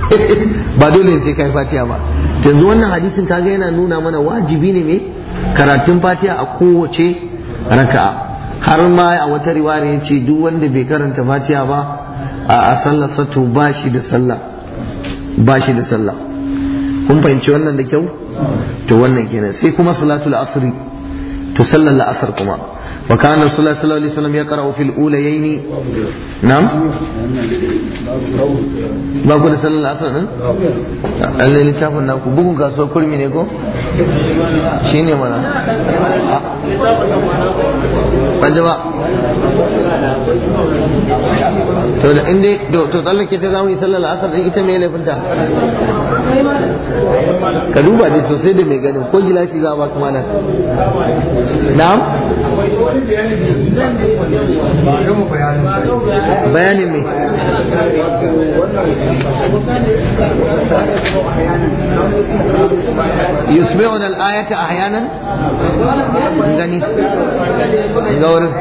ba dole sai kai fatiha ba yanzu wannan hadisin kaga yana nuna mana wajibi ne me karatun fatiha a kowace raka'a har ma a wata riwaya ya ce duk wanda bai karanta fatiha ba a sallar sato, ba da sallah ba da sallah kun fahimci wannan da kyau to wannan kenan sai kuma salatul asri to sallar la'asar kuma وكان رسول الله صلى الله عليه وسلم يقرأ في الأوليين نعم ما كنا صلى الله عليه وسلم اللي لتافن ناكو بكم كاسو كل من يكو شيني منا بجوا to da inda to tsallake ta صلى الله عليه وسلم din ita me ka duba dai sosai da mai ganin ko gilashi za a baka mana na'am bayanin me yusbi'una al-ayata ahyanan gani ga wurin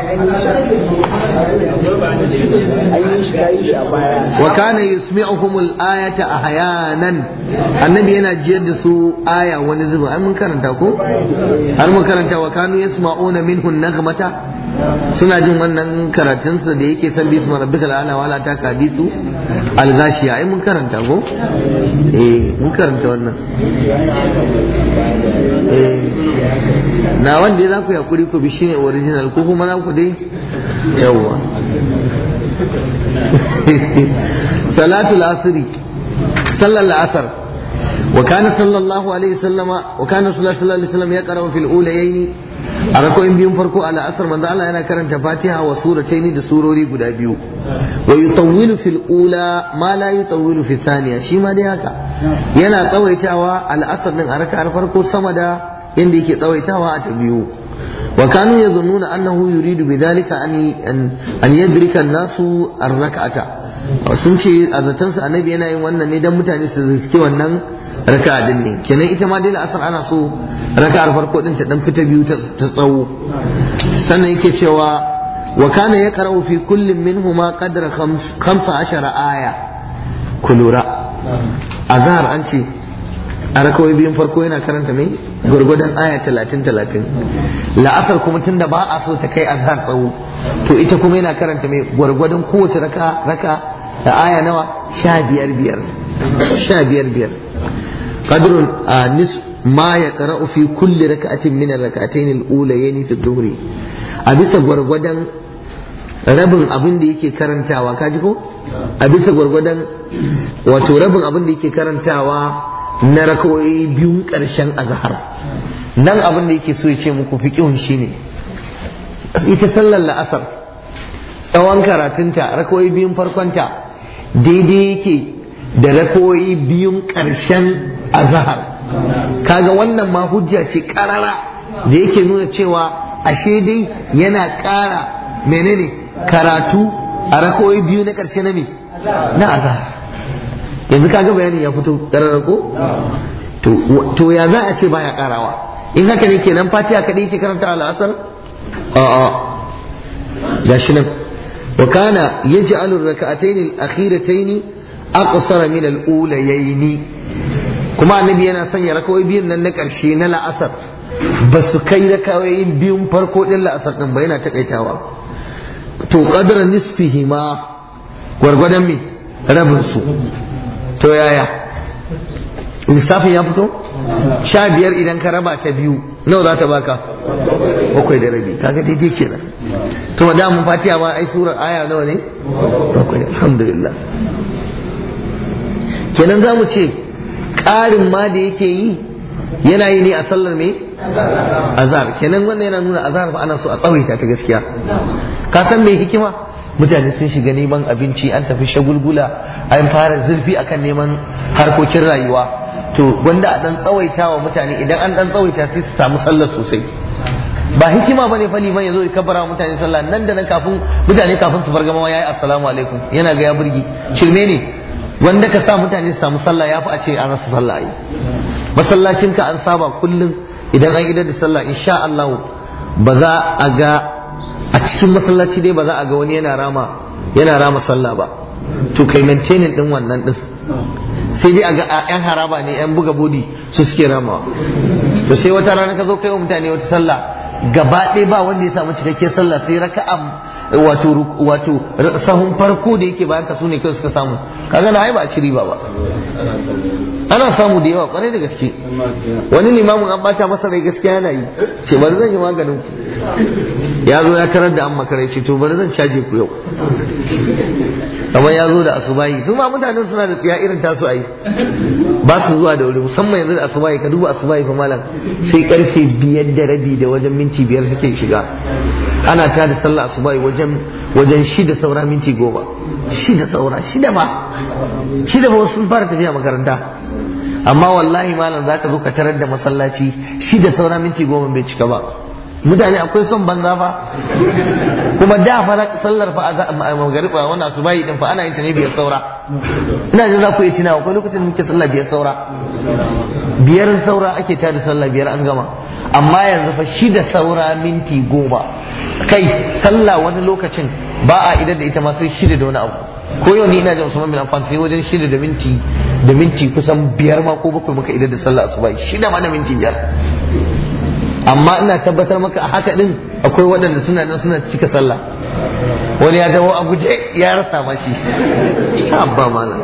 wa kana yusmi'uhum al-ayata ahyanan annabi yana jiyar da su aya wani zuba an mun karanta ko an mun karanta wa kanu yasma'una minhun naghmata suna jin wannan karatun su da yake san bismi rabbikal ala wala ta kadisu al-ghashiya ai mun karanta ko eh mun karanta wannan eh, na wanda za ku yakuri ku bi shine original ko kuma za ku dai yawa salatul asri sallar al-Asar. وكان صلى الله عليه وسلم وكان رسول الله صلى الله عليه biyun farko a asar manzo Allah yana karanta Fatiha wa surataini da surori guda biyu wa yutawwilu fil ula ma la yutawwilu fi thaniya shi ma dai haka yana tsawaitawa al asar din a raka'ar farko sama da inda yake tsawaitawa a ta biyu wa kanu yazunnuna annahu yuridu bidhalika an an yadrika an-nasu ar-rak'ata sun ce a zatansu annabi yana yin wannan ne don mutane su riski wannan raka din ne kenan ita ma dai la'asar ana so raka'ar farko din ta dan fita biyu ta tsawo sannan yake cewa wa kana ya karau fi kullum minhuma qadra 15 aya kulura azhar an ce a rakawai biyun farko yana karanta mai gwargwadon aya talatin talatin la'asar kuma da ba a so ta kai azhar tsawo to ita kuma yana karanta mai gwargwadon kowace raka raka da aya nawa sha biyar biyar sha biyar biyar qadrun nis ma ya qara'u fi kulli rak'atin min ar-rak'atayn al-ulayayn fi dhuhri a bisa gwargwadon rabin abin da yake karantawa kaji ko a bisa gwargwadon wato rabin abin da yake karantawa na rakawoyi biyun karshen azhar nan abin da yake so ya ce muku fiqhun shine ita sallar la'asar tsawon karatunta rakawoyi biyun farkonta daidai yake da rakoyi biyun ƙarshen azahar kaga wannan ma hujja ce karara da yake nuna cewa ashe dai yana ƙara menene karatu a rakoyi biyu na ƙarshe na me na azahar yanzu kaga bayani ya fito ƙarara ko to ya za a ce baya ƙarawa in haka ne kenan fatiha kaɗai yake karanta al'asar a'a gashi nan wa kana yaj'alu ar-rak'atayn al-akhiratayn aqsara min al-ulayayn kuma annabi yana sanya rakawai biyun nan na ƙarshe na la'asar ba su kai rakawayin biyun farko din la'asar din ba yana takaitawa to qadra nisfihi ma gwargwadon me rabin su to yaya lissafin ya fito sha biyar idan ka raba ta biyu nawa za ta baka bakwai da rabi kaga daidai kenan to da mun fatiya ma ai surar aya nawa ne bakwai alhamdulillah kenan za mu ce ƙarin ma da yake yi yana yi ne a sallar me Azar. kenan wannan yana nuna Azar fa ana so a tsawaita ta gaskiya ka san me hikima mutane sun shiga neman abinci an tafi shagulgula an fara zurfi akan neman harkokin rayuwa to wanda a dan tsawaita wa mutane idan an dan tsawaita sai su samu sallar sosai ba hikima bane fa liman yazo ya kabbara mutane sallah nan da nan kafin mutane kafin su fargama yayi assalamu alaikum yana ga ya burgi shirme ne wanda ka sa mutane su samu sallah yafi a ce an su sallah ai masallacin ka an saba kullum idan an idar da sallah insha Allah ba za a ga a cikin masallaci dai ba za a ga wani yana rama yana rama sallah ba to kai maintaining din wannan din sai dai a yan haraba ne yan buga bodi su suke rama to sai wata rana ka zo kai wa mutane wata sallah gaba ɗaya ba wanda ya samu cikakken sallah sai raka wato wato sahun farko da yake bayan ka ne kai suka samu kaga na ai ba a ci riba ba ana samu da yawa kwarai da gaske wani limamin an bata masa rai gaskiya yana yi ce bari zan yi maganin ku ya zo ya karar da an makarai ce to bari zan caje ku yau kamar ya zo da asubahi su ma mutanen suna da tsiya irin tasu ayi ba su zuwa da wuri musamman yanzu da asubahi ka duba asubahi fa malam sai karfe biyar da rabi da wajen minti biyar suke shiga ana ta da sallah asubahi wajen wajen shida saura minti goma shida saura da ba da ba wasu sun fara tafiya makaranta amma wallahi malam za ka zo ka tarar da masallaci shida saura minti goma bai cika ba mutane akwai son banza fa kuma da fa sallar fa a magariba wannan yi din fa ana yin ta ne biyar saura ina ji za ku yi tunawa akwai lokacin muke sallah biyar saura biyar saura ake ta da sallah biyar an gama amma yanzu fa shida saura minti goma kai sallah wani lokacin ba a idan da ita ma sai shida da wani abu ko yau ni ina ji Usman bin amfani sai wajen shida da minti da minti kusan biyar ma ko bakwai muka idan da sallah asuba shida ma da minti biyar amma ina tabbatar maka a haka din akwai waɗanda suna nan suna cika sallah wani ya dawo a guje ya rasa mashi abba mana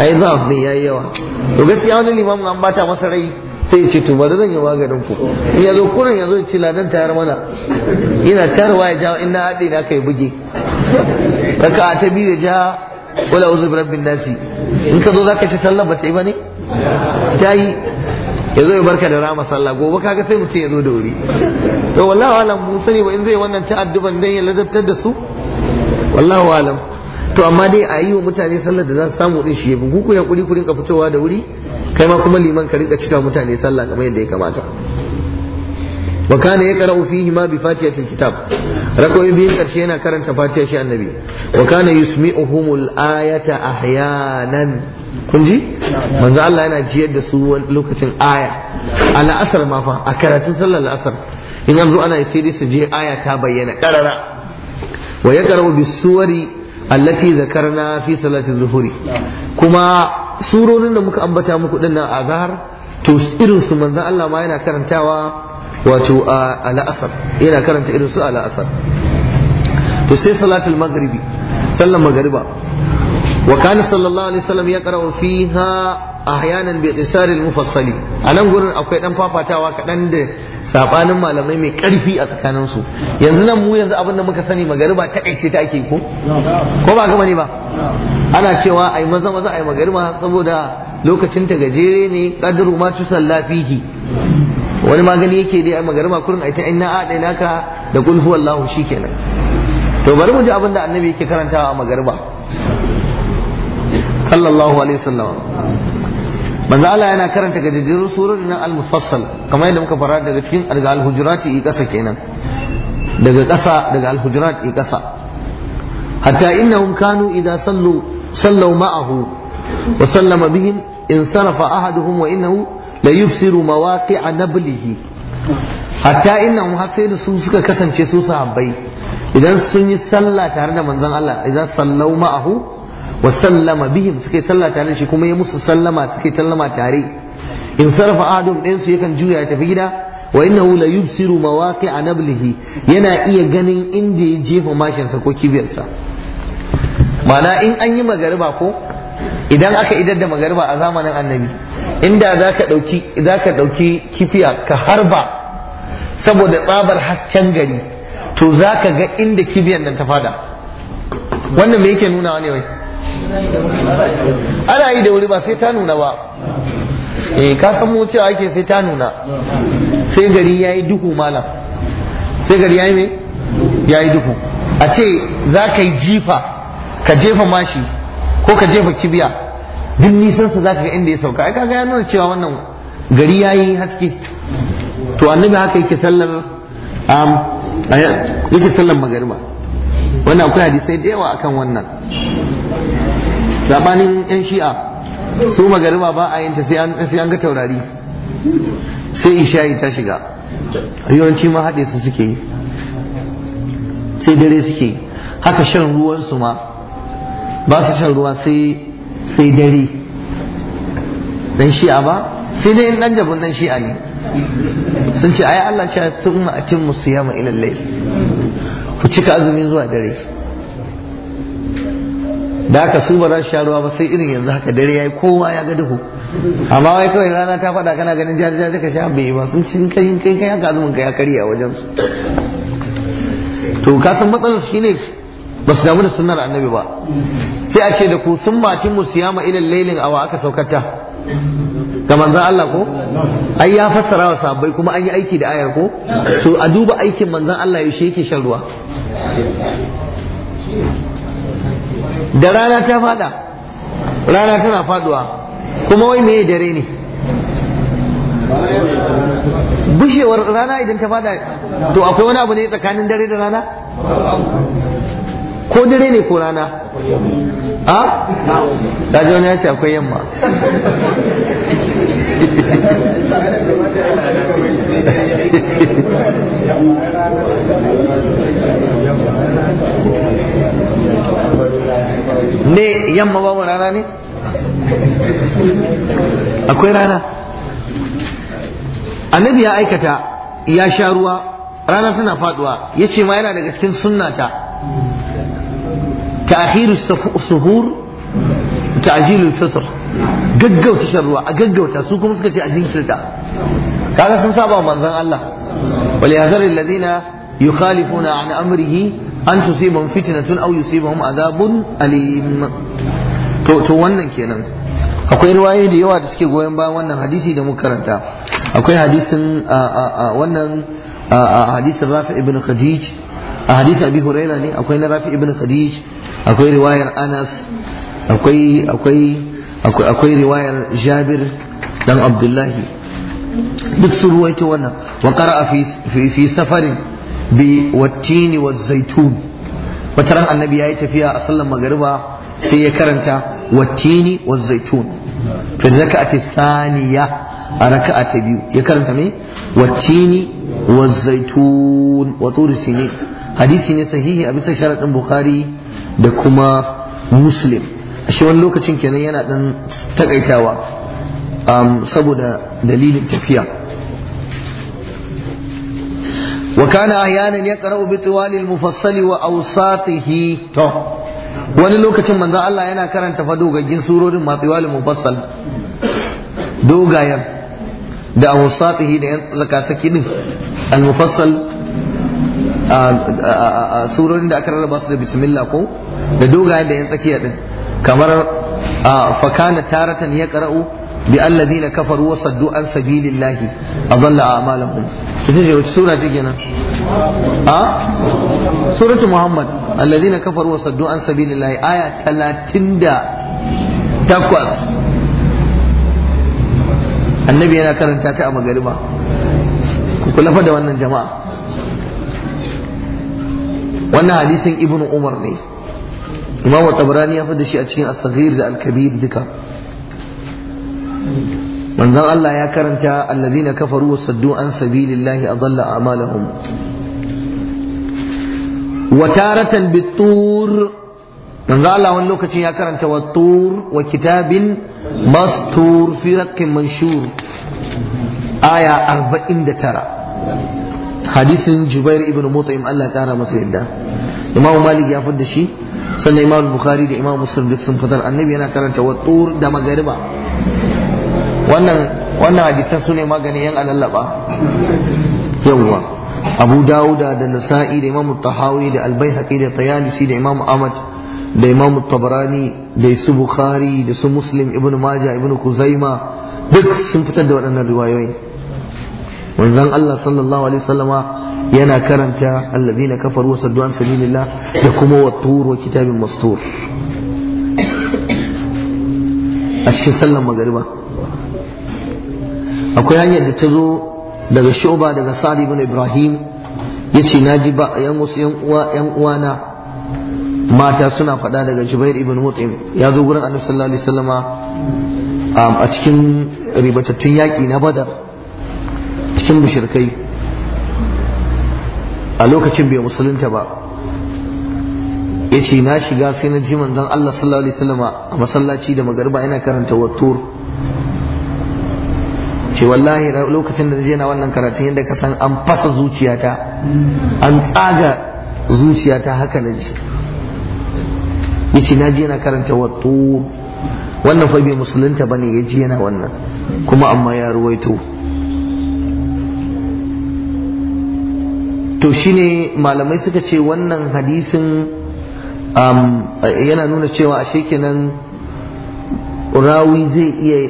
ai za a yayi yawa to gaskiya wani limamin an bata masa rai sai ya ce to da zan yi maganin ku in ya zo kurin ya zo ya ce ladan tayar mana ina tarwa ya jawo ina haɗe na kai buge a ta biyu ya ja wala uzu bi rabbin nasi in ka zo zaka ci sallah ba ta yi ba ne ta yi ya zo ya barka da rama sallah gobe kaga sai mutum ya zo da wuri to wallahi alam mu sani ba in zai wannan ta'adduban dan ya ladabtar da su wallahi alam to amma dai a yi wa mutane sallar da za su samu din shi ya bugu ku ya kuri ku ka fitowa da wuri kai ma kuma liman ka rinka cika mutane sallah kamar yadda ya kamata wa kana yaqra'u fihi ma bi fatihatil kitab rakoyi biyun karshe yana karanta fatiha shi annabi wa kana yusmi'uhumul ahyanan manzo Allah yana jiyar da su lokacin aya a la'asar ma fa a karatun sallar la'asar in an zo ana sai su je aya ta bayyana karara wa yaqra'u bisuwari allati zakarna fi salati zuhuri kuma surorin da muka ambata muku dinnan a zahar to irin su manzo Allah ma yana karantawa wato a al'asar yana karanta irin su al'asar to sai salatul maghribi sallan magariba wa kana sallallahu alaihi wasallam ya qara'u fiha ahyanan bi qisar al mufassali anan gurin akwai dan fafatawa kadan da sabanin malamai mai karfi a tsakanin su yanzu nan mu yanzu abin muka sani magariba ta kaice ta ake ko ko ba gama ne ba ana cewa ai maza maza ai magariba saboda lokacin ta gajere ne qadru ma tusalla fihi wani magani yake dai a magarma kurin a ta inna a ɗaya naka da kul huwallahu shikenan to bari mu ji abin da annabi yake karantawa a magarba sallallahu alaihi wasallam manzo Allah yana karanta gajejjerun surorin nan al-mufassal kamar yadda muka fara daga cikin daga al-hujurati i kasa kenan daga kasa daga al-hujurat i kasa hatta innahum kanu idza sallu sallu ma'ahu wa sallama bihim in sarafa ahaduhum wa innahu la yubsiru mawaqi'a nablihi hatta innahum har sai da su suka kasance su sahabbai idan sun yi sallah tare da manzon Allah idan sallau ma'ahu wa sallama bihim suke sallah tare shi kuma ya musu sallama suke sallama tare in sarfa Adum ɗayan su yakan juya ya tafi gida wa hu la yubsiru a nablihi yana iya ganin inda ya jefa mashinsa ko kibiyarsa Mana in an yi magariba ko idan aka idar da magariba a zamanin annabi inda za ka ɗauki kifiya ka harba saboda tsabar hasken gari to za ka ga inda kibiyan nan ta fada wannan me yake nuna ne wai ana yi da wuri ba sai ta nuna ba eh ka san mu cewa ake sai ta nuna sai gari yayi duhu malam sai gari yayi me yayi duhu a ce za ka yi jifa ka jefa mashi ko ka jefa kibiya duk nisan sa zaka ga inda ya sauka ai kaga ya nuna cewa wannan gari yayi haske to annabi haka yake sallar um yake sallar magariba wannan akwai hadisai da yawa akan wannan sabanin yan shi'a su magariba ba a yanta sai an sai an ga taurari sai isha'i ta shiga yawanci ma haɗe su suke yi sai dare suke haka shan ruwan su ma ba su shan ruwa sai sai dare dan shi'a ba sai dai in dan jabun dan shi'a ne sun ce ai Allah ce sun ma'atin musiyama ila layl ku cika azumi zuwa dare da haka su ba za su sha ruwa ba sai irin yanzu haka dare yayi kowa ya ga duhu amma wai kawai rana ta faɗa kana ganin jaji jaji ka sha bai ba sun cin kai kai kai haka azumin ka ya karya wajen su to ka san matsalar ne. ba su damu da sunnar annabi ba sai a ce da ku sun matin mu siyama ilal lailin awa aka saukata ga manzan Allah ko ai ya fassara wa sahabbai kuma an yi aiki da ayar ko to a duba aikin manzan Allah yaushe yake shan ruwa da rana ta fada rana tana faduwa kuma wai meye dare ne bushewar rana idan ta fada to akwai wani abu ne tsakanin dare da rana ko dare ne ko rana a daji wani ya ce akwai yamma ne yamma ba rana ne akwai rana annabi ya aikata ya sha ruwa rana tana faduwa ya ce ma yana daga cikin sunnata ta'khir as-suhur ta'jil al-fitr gaggauta shan ruwa a gaggauta su kuma suka ce a jinkirta kaga sun saba manzon Allah wal yahzar alladhina yukhalifuna an amrihi an tusibahum fitnatun aw yusibahum adhabun alim to to wannan kenan akwai riwayoyi da yawa da suke goyon bayan wannan hadisi da muka karanta akwai hadisin wannan hadisin Rafi ibn Khadij a hadisi abi huraira ne akwai na rafi ibn khadij akwai riwayar anas akwai akwai akwai riwayar jabir dan abdullahi duk sun ruwaito wannan wa qara'a fi fi safarin bi wattini wa zaitun wata ran annabi yayi tafiya a sallar magariba sai ya karanta wattini wa zaitun fi raka'ati thaniya a raka'a ta biyu ya karanta me wattini wa zaitun wa turi sinin hadisi ne sahihi a bisa sharaɗin bukhari da kuma muslim ashe wani lokacin kenan yana ɗan takaitawa um, saboda dalilin tafiya وكان احيانا يقرا بطوال المفصل واوساطه تو wani lokacin manzo Allah yana karanta fa dogaggin surorin matiwal mufassal dogayen da awsatihi da yan tsakatsaki din al mufassal surorin da aka rarraba su da bismillah ko da dogayen da yan tsakiya din kamar fakana taratan ya qara'u bi alladhina kafaru wa saddu an sabilillahi adalla a'malahum ita ce wace sura take kenan a suratu muhammad alladhina kafaru wa saddu an sabilillahi aya 38 annabi yana karanta ta a magariba ku kula fa da wannan jama'a wannan hadisin ibn umar ne imamu tabrani ya da shi a cikin as-saghir da al-kabir duka manzon Allah ya karanta alladhina kafaru wa saddu an sabilillahi adalla a'malahum wa taratan bit-tur manzon Allah wani lokacin ya karanta wa tur wa kitabin mastur fi raqqin manshur aya 49 hadisin jubair ibn mutaim Allah kara masa yadda Imam malik ya fadda da shi sannan imamu bukhari da imamu muslim duk sun fitar annabi yana karanta wa tur da magariba wannan wannan hadisan su ne maganin yan alallaba yawwa abu dawuda da nasa'i da Imam tahawi da albayhaqi da tayalisi da imamu ahmad da imamu tabarani da su bukhari da su muslim ibn maja ibn kuzaima duk sun fitar da waɗannan riwayoyin. manzon Allah sallallahu alaihi wasallama yana karanta alladhina kafaru wa saddu an sabilillah da kuma tur wa kitabin mastur a cikin sallan magariba akwai hanyar da ta zo daga shoba daga sa'ad ibn ibrahim yace naji ba yan wasu yan uwa yan uwana mata suna faɗa daga jubair ibn mut'im ya zo gurin annabi sallallahu alaihi wasallama um, a cikin ribatattun yaƙi na badar cikin mushrikai a lokacin bai musulunta ba ya ce na shiga sai na ji manzon Allah sallallahu alaihi wasallam a masallaci da magarba yana karanta wattur ce wallahi lokacin da je na wannan karatun yadda ka san an fasa zuciyata an tsaga zuciyata haka na ji ya ce na ji yana karanta wattur wannan fa bai musulunta ne ya ji yana wannan kuma amma ya ruwaito to shine malamai suka ce wannan hadisin um, yana nuna cewa ashe kenan rawi zai iya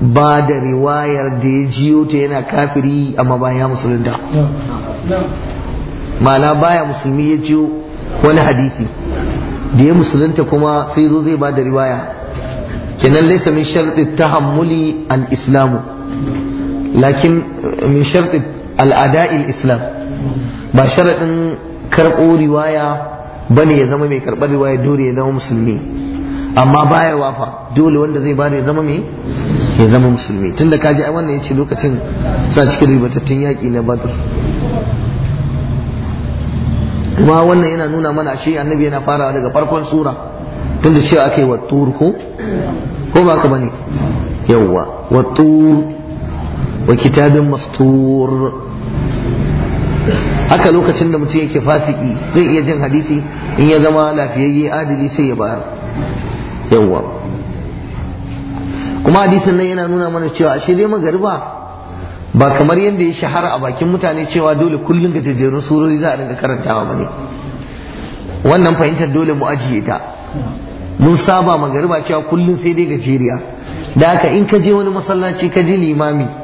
ba da riwayar da ya jiyo ta yana kafiri amma baya musulunta Mala baya musulmi ya jiyo wani hadisi da ya musulunta kuma sai zo zai ba da riwaya kenan laisa min sharɗi tahammuli al-islamu lakin uh, min sharɗi al-ada'il islam ba sharaɗin karɓo riwaya ba ne ya zama mai karɓar riwaya dole ya zama musulmi amma baya wafa dole wanda zai bada ya zama mai ya zama musulmi tunda kaji ai wannan yace lokacin sa cikin ribatattun yaƙi na badr kuma wannan yana nuna mana shi annabi yana farawa daga farkon sura tunda cewa yi wa ko ko ba ka bane yawwa wa tur wa kitabin mastur haka lokacin da mutum yake fasiki zai iya jin hadisi in ya zama lafiyayye adali sai ya bayar yawwa kuma hadisin nan yana nuna mana cewa ashe dai magariba ba kamar yadda ya shahara a bakin mutane cewa dole kullum ga jajjerun surori za a dinga karantawa ba ne wannan fahimtar dole mu ajiye ta mun saba magariba cewa kullum sai dai gajeriya da haka in ka je wani masallaci ka ji limami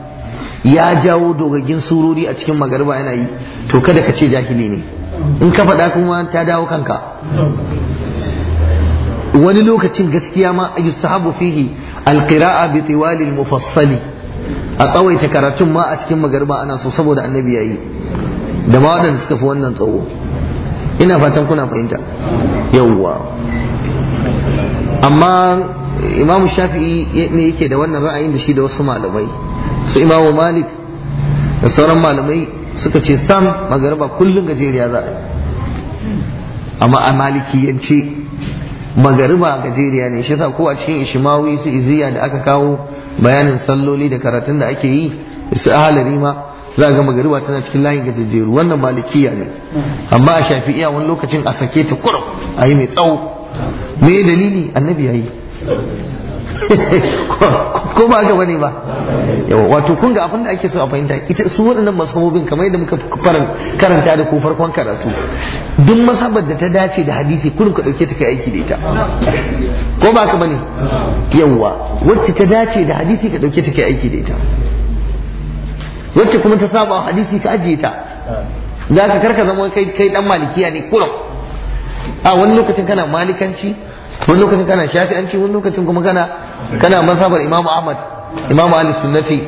ya jawo dogagin surori a cikin magarba yana yi to kada ka ce jahili ne in ka faɗa kuma ta dawo kanka wani lokacin gaskiya ma sahabu fihi alqira'a bi tiwali mufassali a tsawaita karatun ma a cikin magarba ana so saboda annabi yayi da ma waɗanda suka fi wannan tsawo ina fatan kuna fahimta yawwa amma imamu shafi'i ne yake da wannan ra'ayin da shi da wasu malamai su imamu malik da sauran malamai suka ce sam magariba kullum gajeriya za a yi amma a malikiyance magariba gajeriya ne shi sa ko a cikin ishimawi su iziya da aka kawo bayanin salloli da karatun da ake yi su ahalari ma za ga magariba tana cikin layin gajejeru wannan malikiya ne amma a shafi iya wani lokacin a sake ta kurum a yi mai tsawo me dalili annabi ya yi ko ba ga bane ba yawa wato kun ga abin da ake so a fahimta ita su waɗannan masabobin kamar yadda muka karanta da ku farkon karatu duk masabar da ta dace da hadisi kullum ka dauke ta kai aiki da ita ko ba ka bane yawa wacce ta dace da hadisi ka dauke ta kai aiki da ita wacce kuma ta saba hadisi ka ajiye ta za ka karka zama kai kai dan malikiya ne kullum a wani lokacin kana malikanci wani lokacin kana shafi'anci wani lokacin kuma kana kana mazhabar imamu ahmad imamu ali sunnati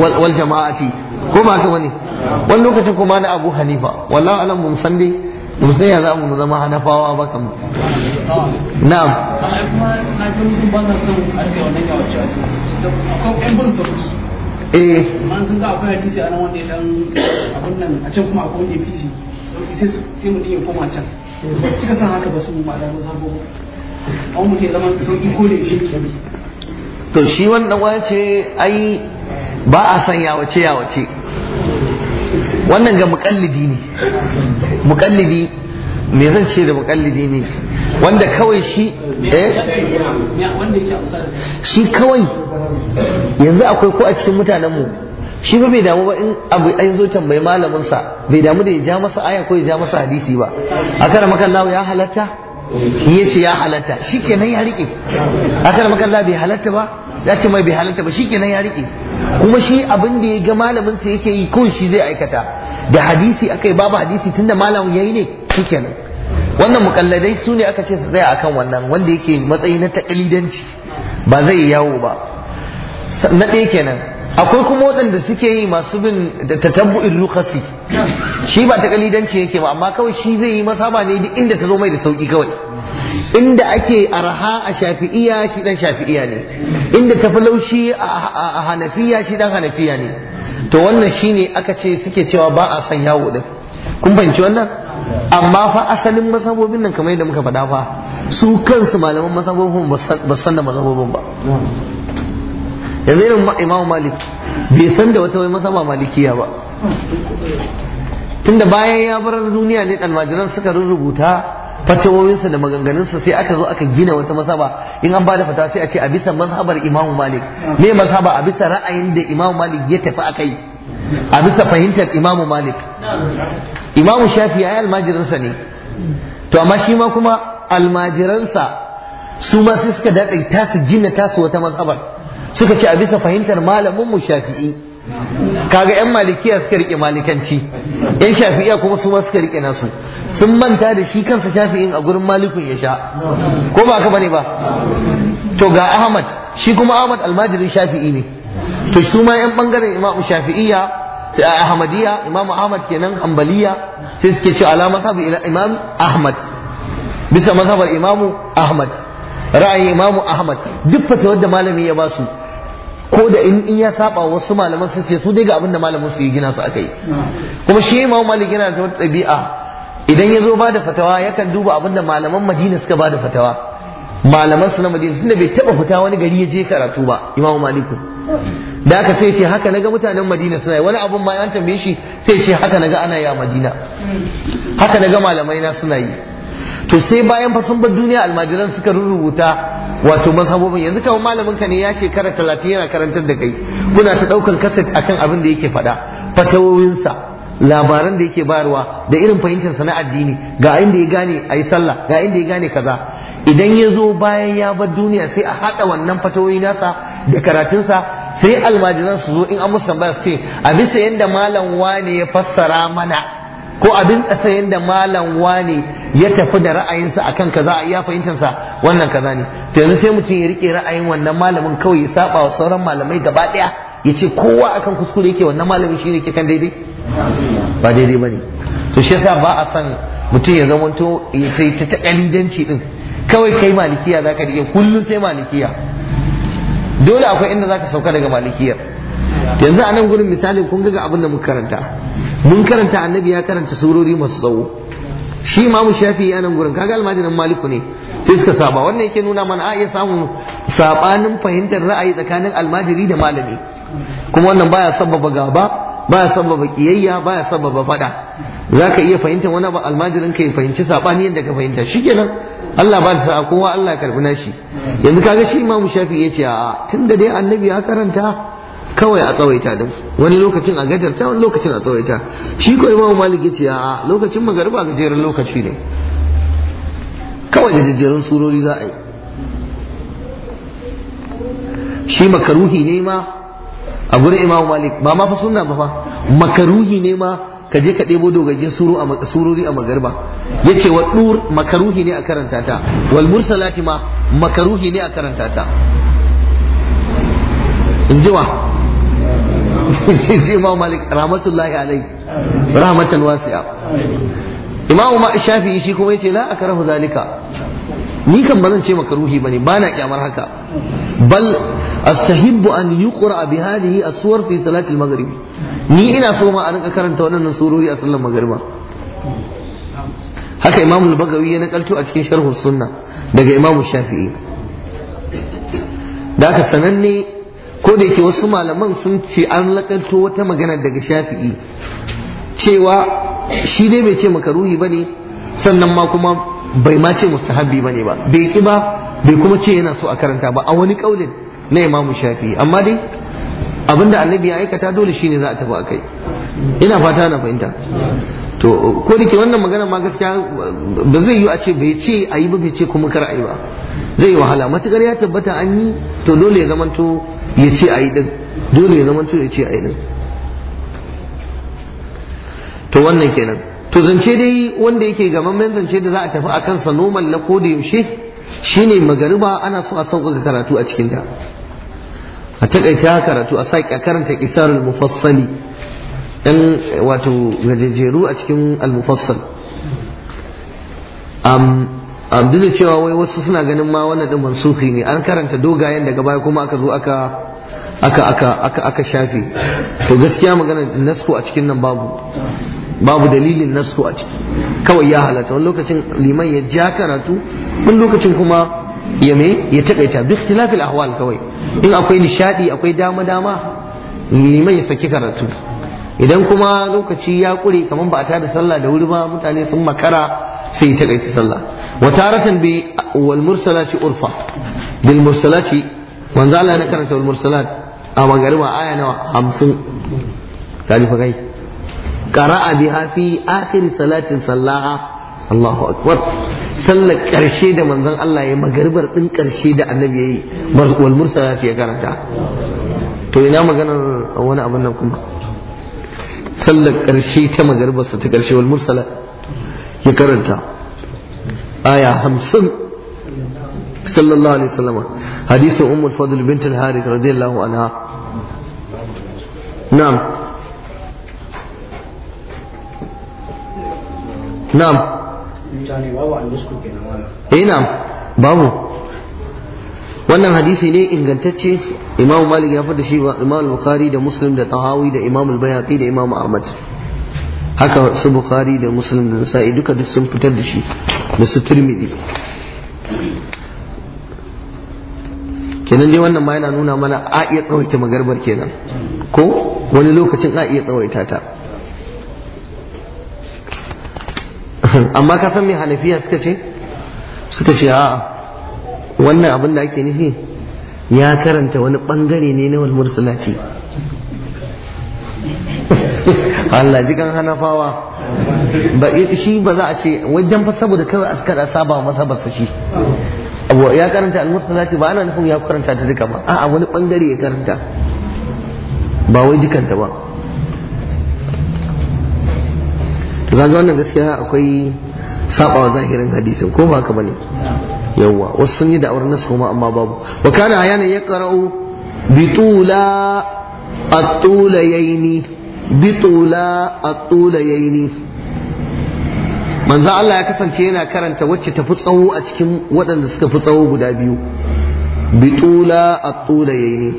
wal jama'ati ko ba wani wani lokacin kuma na abu hanifa wallahi alam mun san dai mun san ya za mu zama hanafawa ba kam na'am eh akwai hadisi a nan wanda ya dan abun nan a can kuma akwai wanda ya fi sai mutum ya koma can cika san haka ba su malamai sabo an ya zama to shi wannan wani ce ai ba a san yawace yawace wannan ga mukallidi ne mukallidi me zan ce da mukallidi ne wanda kawai shi eh shi kawai yanzu akwai ko a cikin mutanen mu shi ba bai damu ba in abu ai zo tambayi malamin sa bai damu da ya ja masa aya ko ya ja masa hadisi ba a makallahu ya halatta ya ce ya halatta shikenan ya rike akar makalla bai halatta ba ya ce mai bai halatta ba shi kenan ya rike kuma shi abin da ya ga malamin sa yake yi ko shi zai aikata da hadisi akai babu hadisi tunda malamin yayi ne shikenan wannan mukalladai su ne aka ce su tsaya akan wannan wanda yake matsayi na takalidanci ba zai yawo ba na ɗaya kenan akwai kuma waɗanda suke yi masu bin da tatabbu'in lukasi shi ba ta kalidanci yake ba amma kawai shi zai yi masaba ne duk inda ta zo mai da sauki kawai inda ake arha a shafi'iya shi dan shafi'iya ne inda ta fi laushi a hanafiya shi dan hanafiya ne to wannan shi ne aka ce suke cewa ba a son yawo din kun fahimci wannan amma fa asalin masabobin nan kamar yadda muka faɗa fa su kansu malaman masabobin ba san da masabobin ba yanzu irin imamu malik bai san da wata wai masaba malikiya ba tunda bayan ya bar duniya ne almajiran suka rubuta fatawoyinsa da maganganunsa sai aka zo aka gina wata masaba in an bada fata sai a ce a bisa mazhabar imamu malik me mazhaba a bisa ra'ayin da imamu malik ya tafi akai a bisa fahimtar imamu malik imamu shafi ya almajiransa ne to amma shi ma kuma almajiransa su ma sai suka daɗa tasu gina tasu wata mazhabar suka ce a bisa fahimtar malamin mu shafi'i kaga yan malikiya suka rike malikanci yan shafi'iya kuma su ma suka rike nasu sun manta da shi kansa shafi'in a gurin malikun ya sha ko ba ka bane ba to ga ahmad shi kuma ahmad almajiri shafi'i ne to su ma yan bangaren imam shafi'iya ahmadiyya imam ahmad kenan hanbaliya sai suke ce ala mazhabi ila imam ahmad bisa mazhabar imamu ahmad ra'ayi imamu ahmad duk fatawar da malami ya basu ko da in in ya saba wasu malaman su sai su dai ga abin da malamin su yi gina su akai mm. kuma shi imamu malik yana da tabi'a idan ya zo bada fatawa yakan duba abin da malaman madina suka bada fatawa malaman su na madina tunda bai taba fita wani gari ya je karatu ba imamu maliku da aka sai ce haka naga mutanen madina suna yi wani abun ma an tambaye shi sai ce haka naga ana yi a madina mm. haka naga malamai na suna yi to sai bayan fa sun bar duniya almajiran suka rubuta wato mazhabobin yanzu kawai malamin ka ne ya ce shekara talatin yana karantar da kai muna ta ɗaukar kaset akan abin da yake faɗa fatawoyinsa labaran da yake barwa, da irin fahimtar na addini ga inda ya gane a yi sallah ga inda ya gane kaza idan ya zo bayan ya bar duniya sai a haɗa wannan fatawoyi nasa da karatunsa sai almajiran su zo in an musu tambaya su ce a bisa yadda malam wane ya fassara mana ko abin tsayen da malam wane ya tafi da ra'ayinsa akan kaza a iya fahimtarsa wannan kaza ne to yanzu sai mutum ya rike ra'ayin wannan malamin kawai ya saba wa sauran malamai gaba daya ya ce kowa akan kuskure yake wannan malamin shi ne ke kan daidai ba daidai ba ne to shi yasa ba a san mutum ya zama to ya ta ta kalidanci din kawai kai malikiya zaka rike kullum sai malikiya dole akwai inda zaka sauka daga malikiyar yanzu a nan gurin misalin kun ga abin da mun karanta mun karanta annabi ya karanta surori masu tsawo shi ma mu shafi a nan gurin kaga almajirin maliku ne sai suka saba wannan yake nuna mana a iya samun sabanin fahimtar ra'ayi tsakanin almajiri da malami kuma wannan baya sababa gaba baya sababa kiyayya baya sababa fada zaka iya fahimtar wani almajirin ka ya fahimci sabani yadda ka fahimta shikenan Allah ba sa kowa Allah ya karbi nashi yanzu kaga shi imamu shafi ya ce a tunda dai annabi ya karanta kawai a tsawaita da wani lokacin a gajarta wani lokacin a tsawaita shi ko imamu malik ce a lokacin magariba gajeren lokaci ne kawai da jajjerun surori za a yi shi makaruhi ne ma a gurin imamu malik ba ma fa sunna ba fa makaruhi ne ma ka je ka ɗebo dogaggin surori a magariba ya ce wa ɗur makaruhi ne a karanta ta wal mursalati ma makaruhi ne a karanta ta in ji wa ce imam malik rahmatullahi alai rahmatan wasi'a Imam ma shafi'i shi kuma yace la akrahu zalika ni kan zan ce makaruhi bane ba na kyamar haka bal astahibbu an yuqra bi hadhihi as-suwar fi salati al-maghrib ni ina so ma a rinka karanta waɗannan surori a sallar magriba haka imamu al-bagawi ya nakalto a cikin sharh sunna daga imamu shafi'i da haka sananne ko da yake wasu malaman sun ce an lakanto wata magana daga shafi'i cewa shi dai bai ce makaruhi bane sannan ma kuma bai ma ce mustahabbi bane ba bai ki ba bai kuma ce yana so a karanta ba a wani kaulin na imamu shafi'i amma dai abinda annabi ya aikata dole shine za a tafi a kai. ina fata na fahimta to ko da ke wannan magana ma gaskiya ba zai yi a ce bai ce a yi ba bai ce kuma kar a yi ba zai yi wahala matukar ya tabbata an yi to dole ya zamanto ya ce a yi din dole ya zama ya ce a yi din to wannan kenan to zance dai wanda yake gamammen zance da za a tafi a kansa noman na ko da yaushe shine magariba ana so a sauƙaƙa karatu a cikin da a taƙaita karatu a sake karanta kisarul mufassali dan wato gajejeru a cikin al-mufassal Abdu da cewa wai wasu suna ganin ma wannan din mansuhi ne an karanta dogayen daga baya kuma aka zo aka aka aka aka aka shafe to gaskiya magana nasku a cikin nan babu babu dalilin nasku a ciki kawai ya halatta wani lokacin liman ya ja karatu wani lokacin kuma ya me ya takaita bi ikhtilafil ahwal kawai in akwai nishadi akwai dama dama liman ya saki karatu idan kuma lokaci ya kure kamar ba a tada sallah da wuri ba mutane sun makara sai ta kaita sallah wa taratan bi wal mursalati urfa bil mursalati manzo Allah na karanta wal mursalat a magariba aya nawa 50 kaji fa kai qara'a biha fi akhir salatin sallah, Allahu akbar sallar karshe da manzon Allah ya magaribar din karshe da annabi yayi wal mursalati ya karanta to ina maganar wani abin nan kuma sallar karshe ta magarbarsa ta karshe wal mursalat ya karanta aya hamsin sallallahu alaihi wasallam hadisin ummul fadl bint al-harith radiyallahu anha na'am na'am eh na'am babu wannan hadisi ne ingantacce imamu malik ya fada shi ba imam bukhari da muslim da tahawi da imam al-bayhaqi da imam ahmad haka su bukhari da muslim da nasa'i duka duk sun fitar da shi da su turmidi kenan dai wannan ma yana nuna mana a iya tsawaita magarbar kenan ko wani lokacin a iya tsawaita ta amma ka san mai hanafiya suka ce suka ce a'a wannan abin da ake nufi ya karanta wani bangare ne na walmursalati mursalati Allah ji kan hanafawa ba shi ba za a ce wajen fa saboda kawai a kada saba masa ba shi abu ya karanta al-mursala ce ba ana nufin ya karanta ta duka ba a wani bangare ya karanta ba wai dukanta ba to kaga wannan gaskiya akwai sabawa zahirin hadisin ko ba haka bane yawa wasu sun yi da auren nasu kuma amma babu wa kana ayana yaqra'u bitula at-tulayaini bitula at-tulayaini manzo Allah ya kasance yana karanta wacce tafi tsawo a cikin waɗanda suka fi tsawo guda biyu bitula at-tulayaini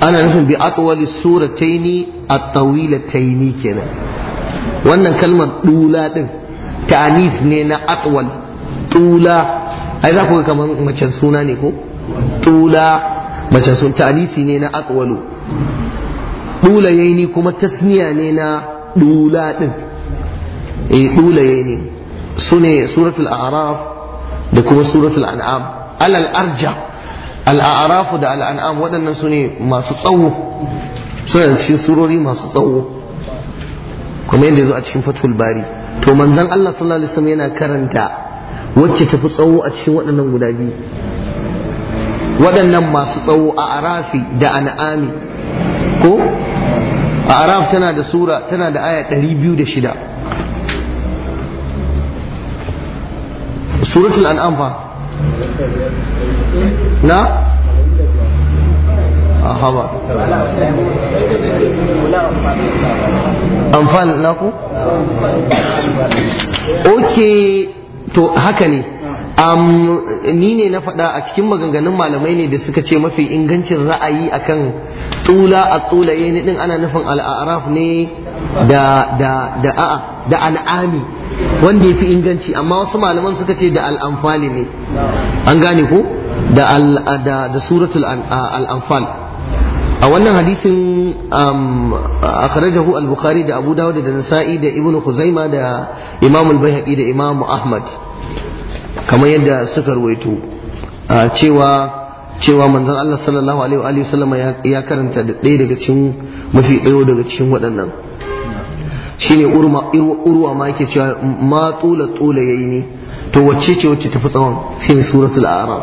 ana nufin bi atwali surataini at-tawilataini kenan wannan kalmar dula din ta'anis ne na atwal tula ai za ku ga kamar macen suna ne ko tula macen sun ta'anisi ne na atwalu ɗulayaini kuma tasniya ne na ɗula ɗin e eh, ɗulayaini su ne suratul a'raf da kuma suratul an'am alal arja al'arafu da al'an'am waɗannan su ne masu tsawo suna da cikin surori masu tsawo kuma yadda zo a cikin fatul bari to manzon Allah sallallahu alaihi wasallam yana karanta wacce tafi tsawo a cikin waɗannan guda biyu waɗannan masu tsawo a arafi da an'ami ko araf tana da sura tana da aya 206 suratul an'am fa na ah, haba amfan naku ok to haka ne ni ne na faɗa a cikin maganganun malamai ne da suka ce mafi ingancin ra'ayi akan tula a tsulaye ne din ana nufin al'araf ne da da da a da al'ami wanda yafi inganci amma wasu malaman suka ce da al'amfali ne an gane ko da da suratul al'amfal a wannan hadisin akhrajahu al-bukhari da abu dawud da nasa'i da ibnu khuzaima da imam al-baihaqi da imam ahmad kamar yadda suka ruwaito cewa cewa manzon Allah sallallahu alaihi wa sallam ya karanta da ɗaya daga cikin mafi ɗaya daga cikin waɗannan shine urma urwa ma yake cewa ma tula tula yayi to wacce ce wacce tafi tsawon sai suratul a'raf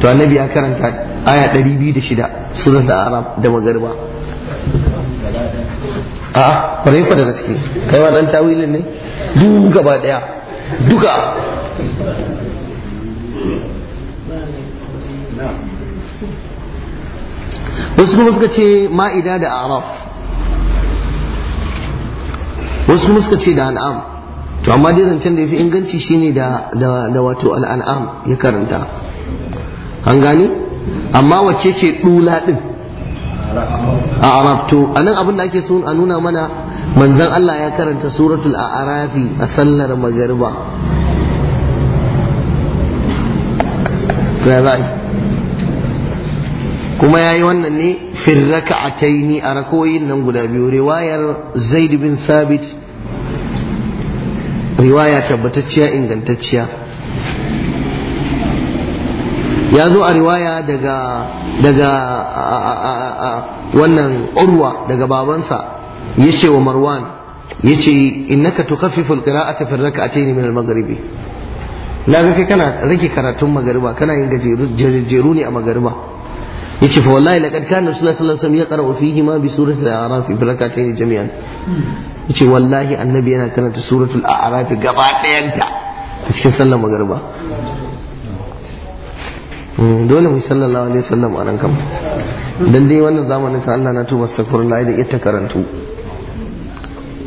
to annabi ya karanta aya 206 suratul a'raf da magarba a'a kwarai fa daga ciki kai ma ɗan tawilin ne duk gaba ɗaya. duka wasu kuma suka ce ma'ida da araf wasu kuma suka ce da al'am to amma dai zancen da ya fi inganci shine da da wato al'am ya karanta an gane amma wacce ce dula din a arab to anan abin da ake so a nuna mana manzon Allah ya karanta suratul a'rafi a sallar magariba ya kuma ya yi wannan ne firraka a taini a rakoyin nan guda biyu riwayar zaid bin sabit riwaya tabbatacciya ingantacciya ya zo a riwaya daga daga wannan urwa daga babansa ya ce wa marwan ya ce innaka tukaffiful qira'ata fi rak'atayn min al-maghribi na ga kai kana rage karatun magariba kana yin gajeru ne a magariba yace fa wallahi laqad kana rasulullahi sallallahu alaihi wasallam yaqra'u fihi ma bi al a'raf fi rak'atayn jami'an yace wallahi annabi yana karanta suratul a'raf gaba dayanta a cikin sallar magariba hmm, dole mu sallallahu alaihi wasallam a nan kam dan dai wannan zamanin ka Allah na tuba sakurla da ita karantu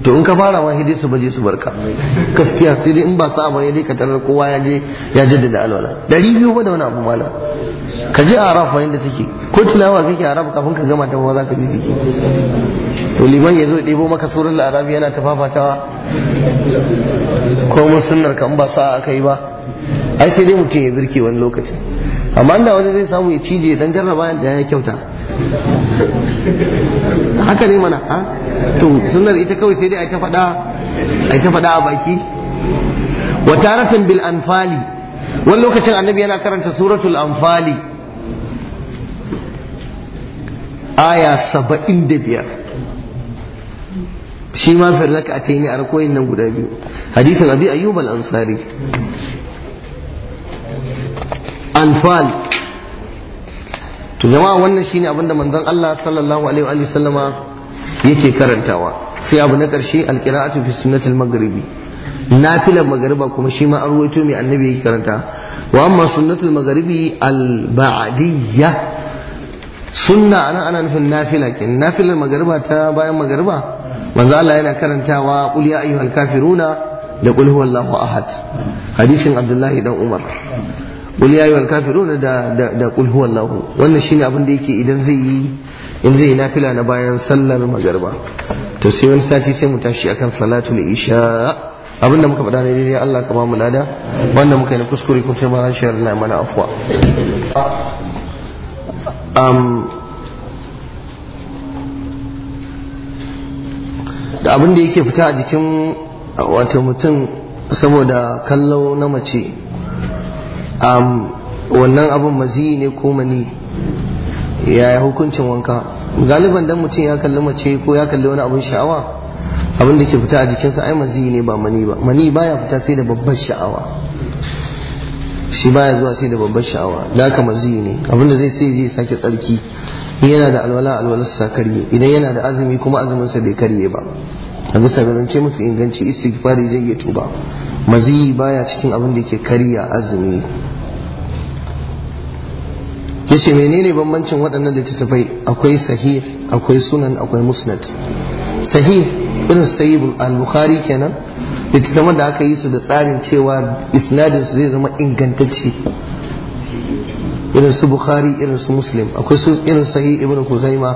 to in ka fara wa hidi su baje su barka gaskiya sai dai in ba sa ba dai ka tarar kowa ya je ya jaddada alwala dari biyu ba da wani abu mala ka je arafa inda take ko tilawa kake arafa kafin ka gama ta za ka ji jiki to liman ya zo ɗebo maka surar arabi yana ta fafatawa ko sunnar ka in ba sa aka yi ba ai sai dai mutum ya birke wani lokaci. amma inda wani zai samu ya cije dan jarraba da ya kyauta haka ne mana ha to sunnar ita kawai sai dai a ta faɗa a ta faɗa a baki wa taratan bil anfali wani lokacin annabi yana karanta suratul anfali aya saba'in da biyar shi ma firlaka a taini a rakoyin nan guda biyu hadithin abi ayyub al-ansari anfal to jama'a wannan shine abinda manzon Allah sallallahu alaihi wa sallama yake karantawa sai abu na karshe alqira'atu fi sunnatil maghribi nafilar magariba kuma shi ma an ruwaito mai annabi yake karanta wa amma sunnatul maghribi al ba'diyya sunna ana ana nufin nafila kin nafilar magariba ta bayan magariba manzo Allah yana karantawa qul ya ayyuhal kafiruna da qul huwallahu ahad hadisin abdullahi dan umar qul ya ayyuhal kafirun da da da qul huwallahu wannan shine abin da yake idan zai yi in zai yi nafila na bayan sallar magariba to sai wani sati sai mu tashi akan salatul isha abin da muka faɗa ne dai Allah ka ba mu lada wanda muka yi na kuskure kuma sai ma shayar na mana afwa da abin da yake fita a jikin wato mutum saboda kallo na mace wannan abin mazi ne ko mani yaya hukuncin wanka galiban dan mutum ya kalli mace ko ya kalli wani abin sha'awa abin da ke fita a jikinsa ai mazi ne ba mani ba mani baya fita sai da babbar sha'awa shi baya zuwa sai da babbar sha'awa da haka mazi ne abin da zai sai zai sake tsarki in yana da alwala alwalarsa karye idan yana da azumi kuma azuminsa bai karye ba a bisa ga zance mafi inganci istighfari zai iya tuba maziyi baya cikin abin da yake karya azumi yace menene bambancin waɗannan tattafai akwai sahih akwai sunan akwai musnad sahih irin sahih al-bukhari kenan littattafan da aka yi su da tsarin cewa isnadin su zai zama ingantacce irin su bukhari irin su muslim akwai su irin sahih ibn kuzaima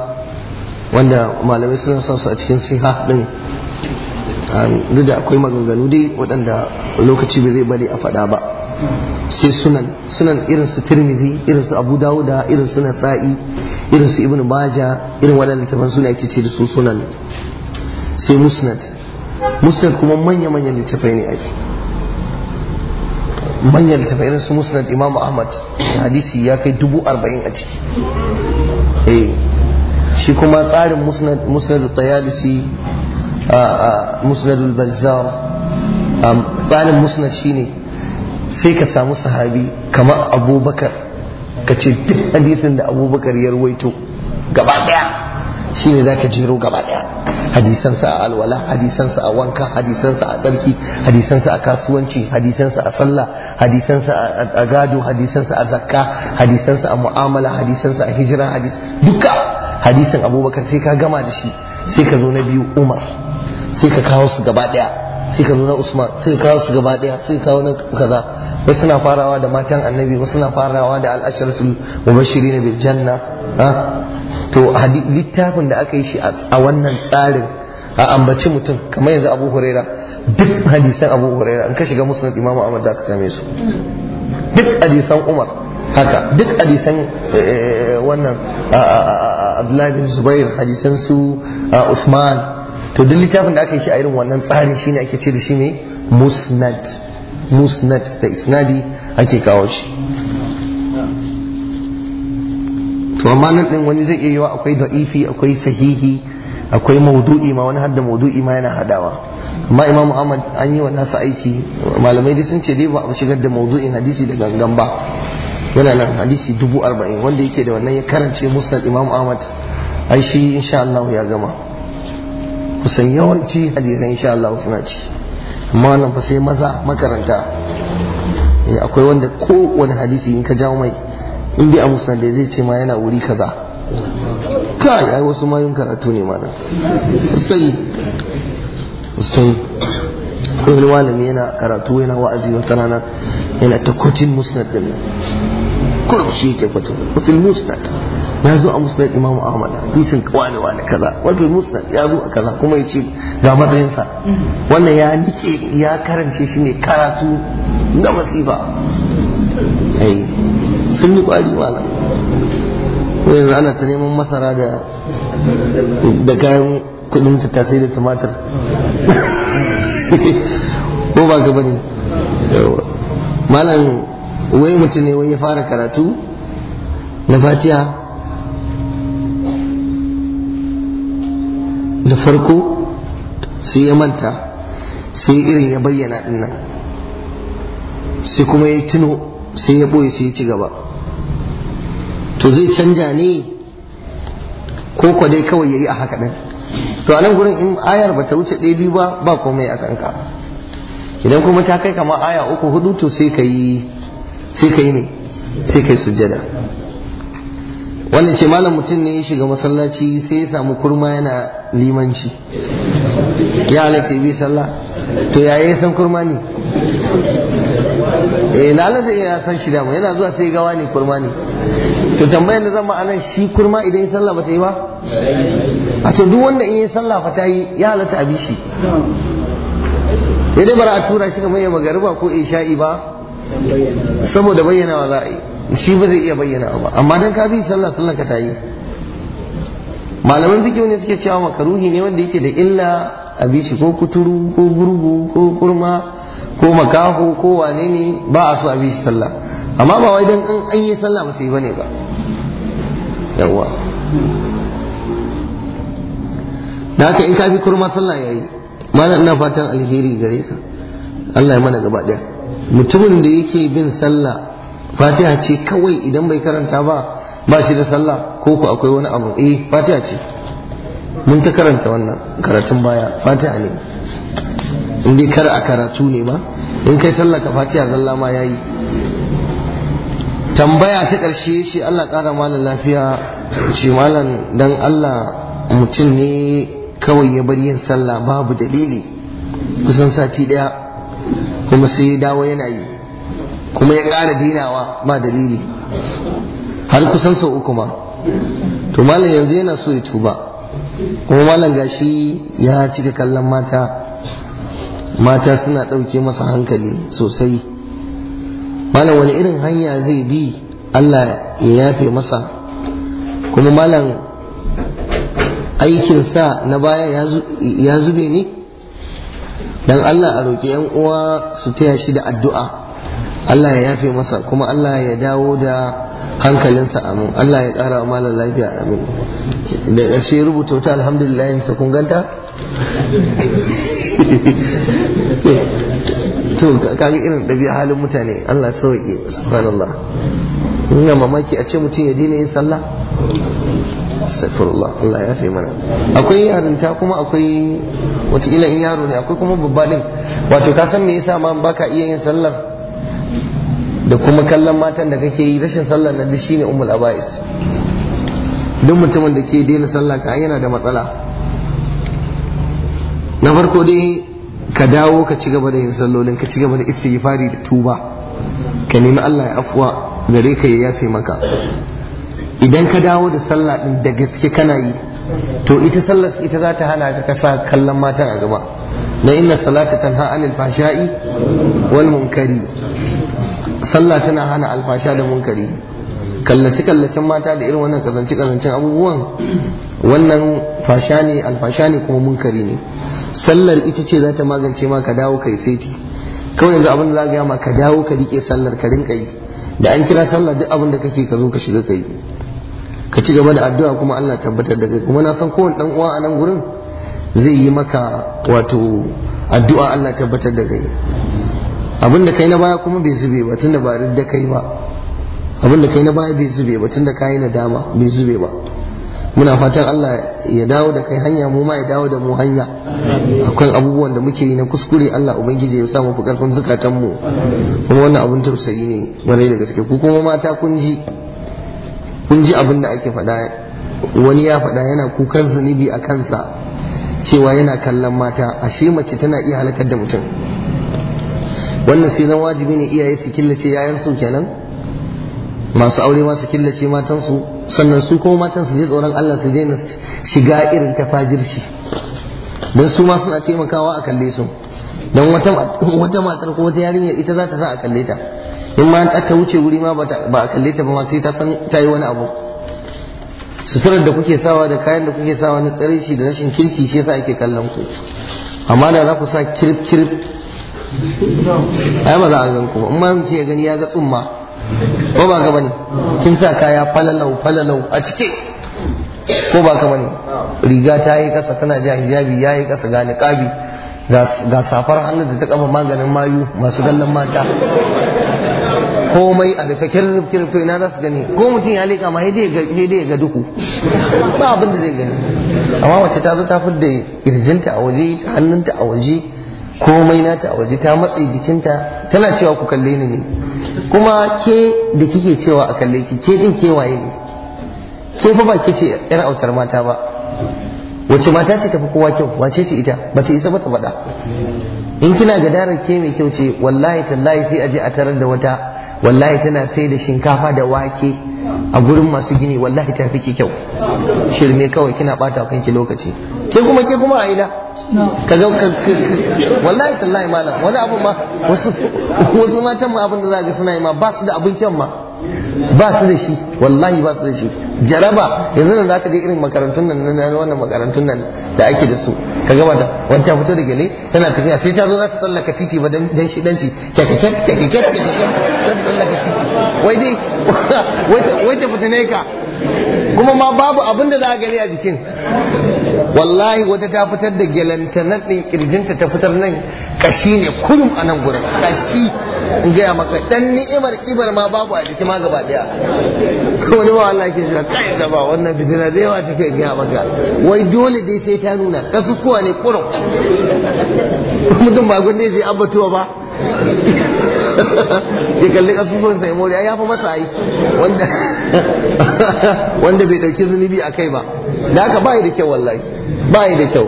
wanda malamai suna sa su a cikin siha din duk da akwai maganganu dai waɗanda lokaci bai zai bari a faɗa ba sai sunan sunan irin su tirmizi irin su abu dawuda irin su nasa'i irin su ibn Baja, irin waɗanda tafan suna yake ce da su sunan sai musnad musnad kuma manya-manyan littafai ne ake manyan littafai irin su musnad imamu ahmad hadisi ya kai dubu arba'in a ciki eh. shi kuma tsarin musnad musnad tayalisi musnadul bazzar tsarin musnad shine sai ka samu sahabi kamar abubakar ka ce duk hadisin da abubakar ya ruwaito gaba daya shine zaka jero gaba daya hadisansa a alwala hadisansa a wanka hadisansa a tsarki hadisansa a kasuwanci hadisansa a sallah hadisansa a gado hadisansa a zakka hadisansa a mu'amala hadisansa a hijira hadis duka hadisin abubakar sai ka gama da shi sai ka zo na biyu umar sai ka kawo su gaba daya sai ka nuna usman sai ka kawo su gaba daya sai ka kawo na kaza wasu suna farawa da matan annabi wasu suna farawa da al'asharatul na bil janna to littafin da aka yi shi a wannan tsarin a ambaci mutum kamar yanzu abu huraira duk hadisan abu huraira in ka shiga musulun imam ahmad da ka same su duk hadisan umar haka duk hadisan eh, eh, eh, wannan abdullahi bin zubair hadisan su usman to duk littafin da aka yi shi a irin wannan tsarin shine ake ce da shi mai musnad musnad da isnadi ake kawo shi to amma nan din wani zai iya yiwa akwai da'ifi akwai sahihi akwai maudu'i ma wani hadda maudu'i ma yana hadawa amma imam muhammad an yi wa nasa aiki malamai dai sun ce dai ba a shigar da maudu'in hadisi da gangan ba yana nan hadisi dubu arba'in wanda yake da wannan ya karance musnad imam ahmad ai shi insha Allah ya gama kusan yawanci hadisan insha Allah suna ci amma wannan fa sai maza makaranta eh, akwai wanda ko wani hadisi in ka jawo mai in dai a musnad zai ce ma yana wuri kaza kai ai wasu ma yin karatu ne ma mana sai sai wani malami yana karatu yana wa'azi wata rana yana ta kotin musnad din kurum shi yake fito wafil musnad ya zo a musnad imam ahmad hadisin wani wani kaza wafil musnad ya zo a kaza kuma ya ce ga matsayinsa wannan ya nike ya karance shi ne karatu na masifa eh, sun yi kwari malam ko yanzu ana ta neman masara da da kayan kudin tattasai da tumatir ko ba ka bane malam wai mutum ne wai ya fara karatu na fatiha da farko sai ya manta sai irin ya bayyana dinnan nan sai kuma ya tuno sai ya boye sai ya ci gaba to zai canja ne ko kwa kawai ya yi a haka ɗin to a nan gurin in ayar ba ta wuce ɗaya biyu ba ba komai a kanka idan kuma ta kai kama aya uku hudu to sai ka yi sai ka yi ne sai ka yi sujjada wannan ce malam mutum ne ya shiga masallaci sai ya samu kurma yana limanci ya halatta bi sallah to yaya ya san kurma ne eh na halatta ya san shi dama yana zuwa sai gawa ne kurma ne to tambayar da zan anan shi kurma idan ya sallah ba ta yi ba a to duk wanda in ya sallah ta yi ya halatta a bi shi sai dai bara a tura shi kamar ya magariba ko isha'i ba saboda bayyanawa za a yi shi ba zai iya bayyana ba amma dan ka bi sallah sallah ka tayi malaman fikihu ne suke cewa makaruhi ne wanda yake da illa a bi shi ko kuturu ko gurgu ko kurma ko makaho ko wane ne ba a so a bi shi sallah amma ba wai dan an an yi sallah ba ta yi bane ba yawwa da haka in ka bi kurma sallah yayi malam ina fatan alheri gare ka Allah ya mana gaba daya mutumin da yake bin sallah fatiha ce kawai idan bai karanta ba ba shi da sallah ko ku akwai wani abu eh fatiha ce mun ta karanta wannan karatun baya fatiha ne in dai kar a karatu ne ba in kai sallah ka fatiha zalla ma yayi tambaya ta ƙarshe shi Allah ƙara malam lafiya shi malam dan Allah mutum ne kawai ya bar yin sallah babu dalili kusan sati ɗaya kuma sai ya dawo yana yi kuma ya ƙara dinawa ba dalili har kusan sau uku ma to malam yanzu yana so ya tuba kuma malam gashi ya cika kallon mata mata suna ɗauke masa hankali sosai malam wani irin hanya zai bi Allah ya yafe masa kuma malam aikinsa na baya ya zube ne dan Allah a roƙi yan uwa su taya shi da addu'a Allah ya yafe masa kuma Allah ya dawo da hankalinsa amin Allah ya ƙara wa malar lafiya amin da ƙarshe rubuta wuta alhamdulillah sa kun ganta to kaga irin ɗabi'a halin mutane Allah sauƙi subhanallah ina mamaki a ce mutum ya daina yin sallah astaghfirullah Allah ya yafe mana akwai yarinta kuma akwai wataƙila in yaro ne akwai kuma babba din wato ka san me yasa ma baka iya yin sallar da kuma kallon matan da kake yi rashin sallar na duk shine ummul aba'is duk mutumin da ke daina sallah ka yana da matsala na farko dai ka dawo ka ci gaba da yin sallolin ka ci gaba da istighfari da tuba ka nemi Allah ya afwa gare ka ya yafe maka idan ka dawo da sallah din da gaske kana yi to ita sallar ita za ta hana ka kasa kallon matan a gaba na inna salata tanha anil fashai wal munkari sallah tana hana alfasha da munkari kallace kallacen mata da irin wannan kazance kazancen abubuwan wannan fasha ne alfasha ne kuma munkari ne sallar ita ce za ta magance ma ka dawo kai saiti kawai yanzu abin da za ka ma ka dawo ka rike sallar ka rinka yi da an kira sallar duk abin da kake ka zo ka shiga ka yi ka ci gaba da addu'a kuma Allah tabbatar da kai kuma na san kowane dan uwa a nan gurin zai yi maka wato addu'a Allah tabbatar da kai Abinda kai na baya kuma bai zube ba tunda ba da kai ba abinda kai na baya bai zube ba tunda kai na dama bai zube ba muna fatan Allah ya dawo da kai hanya mu ma ya dawo da mu hanya akwai abubuwan da muke yi na kuskure Allah ubangiji ya sa mu fi karfin zukatan mu kuma wannan abin tausayi ne bare da gaske ku kuma mata kun ji kun ji abin da ake faɗa wani ya faɗa yana kukan zunubi a kansa cewa yana kallon mata ashe mace tana iya halakar da mutum wannan sai zan wajibi ne iyaye su killace yayansu kenan masu aure ma su killace matansu sannan su kuma matan su je tsoron Allah su daina shiga irin tafajirci don su ma suna taimakawa a kalle su don wata matar ko wata yarinya ita za ta sa a kalle ta in ma ta wuce wuri ma ba a kalle ta ba ma sai ta san ta yi wani abu suturar da kuke sawa da kayan da kuke sawa na shi da rashin kirki shi yasa ake kallon ku amma da za ku sa kirif kirif ai ba za a gan ku in ma ce ya gani ya ga tsumma ko ba ka bane kin sa kaya falalau falalau a cike ko ba ka bane riga ta yi kasa tana ja hijabi ya yi kasa ga niqabi ga safar hannu da ta kafa maganin mayu masu gallon mata komai a rufe kirrif kirrif to ina za su gani ko mutum ya leƙa ma sai dai ga duku ba abin da zai gani amma wace ta zo ta fidda kirjinta a waje ta hannunta a waje komai nata a waje ta matse jikinta tana cewa ku kalle ni ne kuma ke da kike cewa a kalle ki ke din kewaye ne ke fa ba ke ce yar autar mata ba wace mata ce tafi kowa kyau wace ce ita ba ta isa ba ta faɗa in kina darar ke mai kyau ce wallahi tallahi sai a je a tarar da wata wallahi tana sai da shinkafa da wake a gurin masu gini wallahi ta fi ki kyau shirme kawai kina bata kanki lokaci ke kuma ke kuma a ina ka ga wallahi tallahi malam wani abun ma wasu wasu matan ma abin da za ga suna yi ma ba su da abincin ma ba su da shi wallahi ba su da shi jaraba yanzu za zaka ga irin makarantun nan na wannan makarantun nan da ake da su ka gaba da wani ta fito da gele tana tafiya sai ta zo za ta tsallaka titi ba dan shi danci ka? kuma ma babu abin da za a gani a jikin wallahi wata ta fitar da gelanta nan ɗin ƙirjinta ta fitar nan ƙashi ne kurum a nan gurin ƙashi in gaya maka ɗan ni'imar ƙibar ma babu a jiki ma gaba ɗaya wani ma Allah ke shiga kai ba wannan fitina da yawa take gaya maka wai dole dai sai ta nuna kasusuwa ne kurum mutum ba gudun zai abatuwa ba ya kalli kasusuwan sai moriya ya fi masa ai wanda wanda bai dauki zunubi a kai ba da haka bayi da kyau wallahi bayi da kyau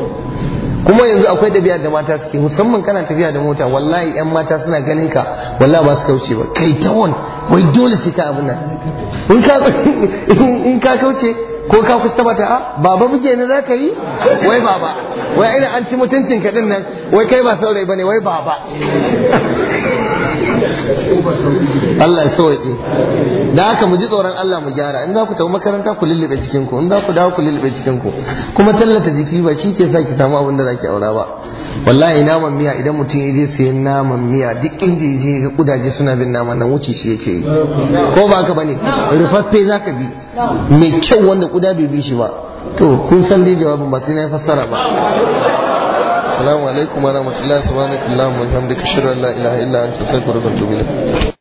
kuma yanzu akwai dabi'a da mata suke musamman kana tafiya da mota wallahi yan mata suna ganin ka wallahi ba su kauce ba kai tawon wai dole sai ka abin nan in ka in ka kauce ko ka kusa mata a ah, baba buge ne za ka yi wai baba wai ina an ci mutuncin kaɗin nan wai kai ba saurayi ba ne wai baba Allah ya sauke da haka mu ji tsoron Allah mu gyara in za ku tafi makaranta ku lullube cikinku? ku in za ku dawo ku lullube cikin ku kuma tallata jiki ba shi ke sa ki samu abin da zaki aura ba wallahi naman miya idan mutum ya je sayan naman miya duk inji ga kudaje suna bin naman nan wuce shi yake yi ko ba haka bane rufaffe zaka bi mai kyau wanda kuda bai bi shi ba to kun san dai jawabin ba sai na fassara ba assalamu alaikum warahmatullahi subhanakallahumma wa bihamdika ashhadu an la ilaha illa anta astaghfiruka wa atubu ilaik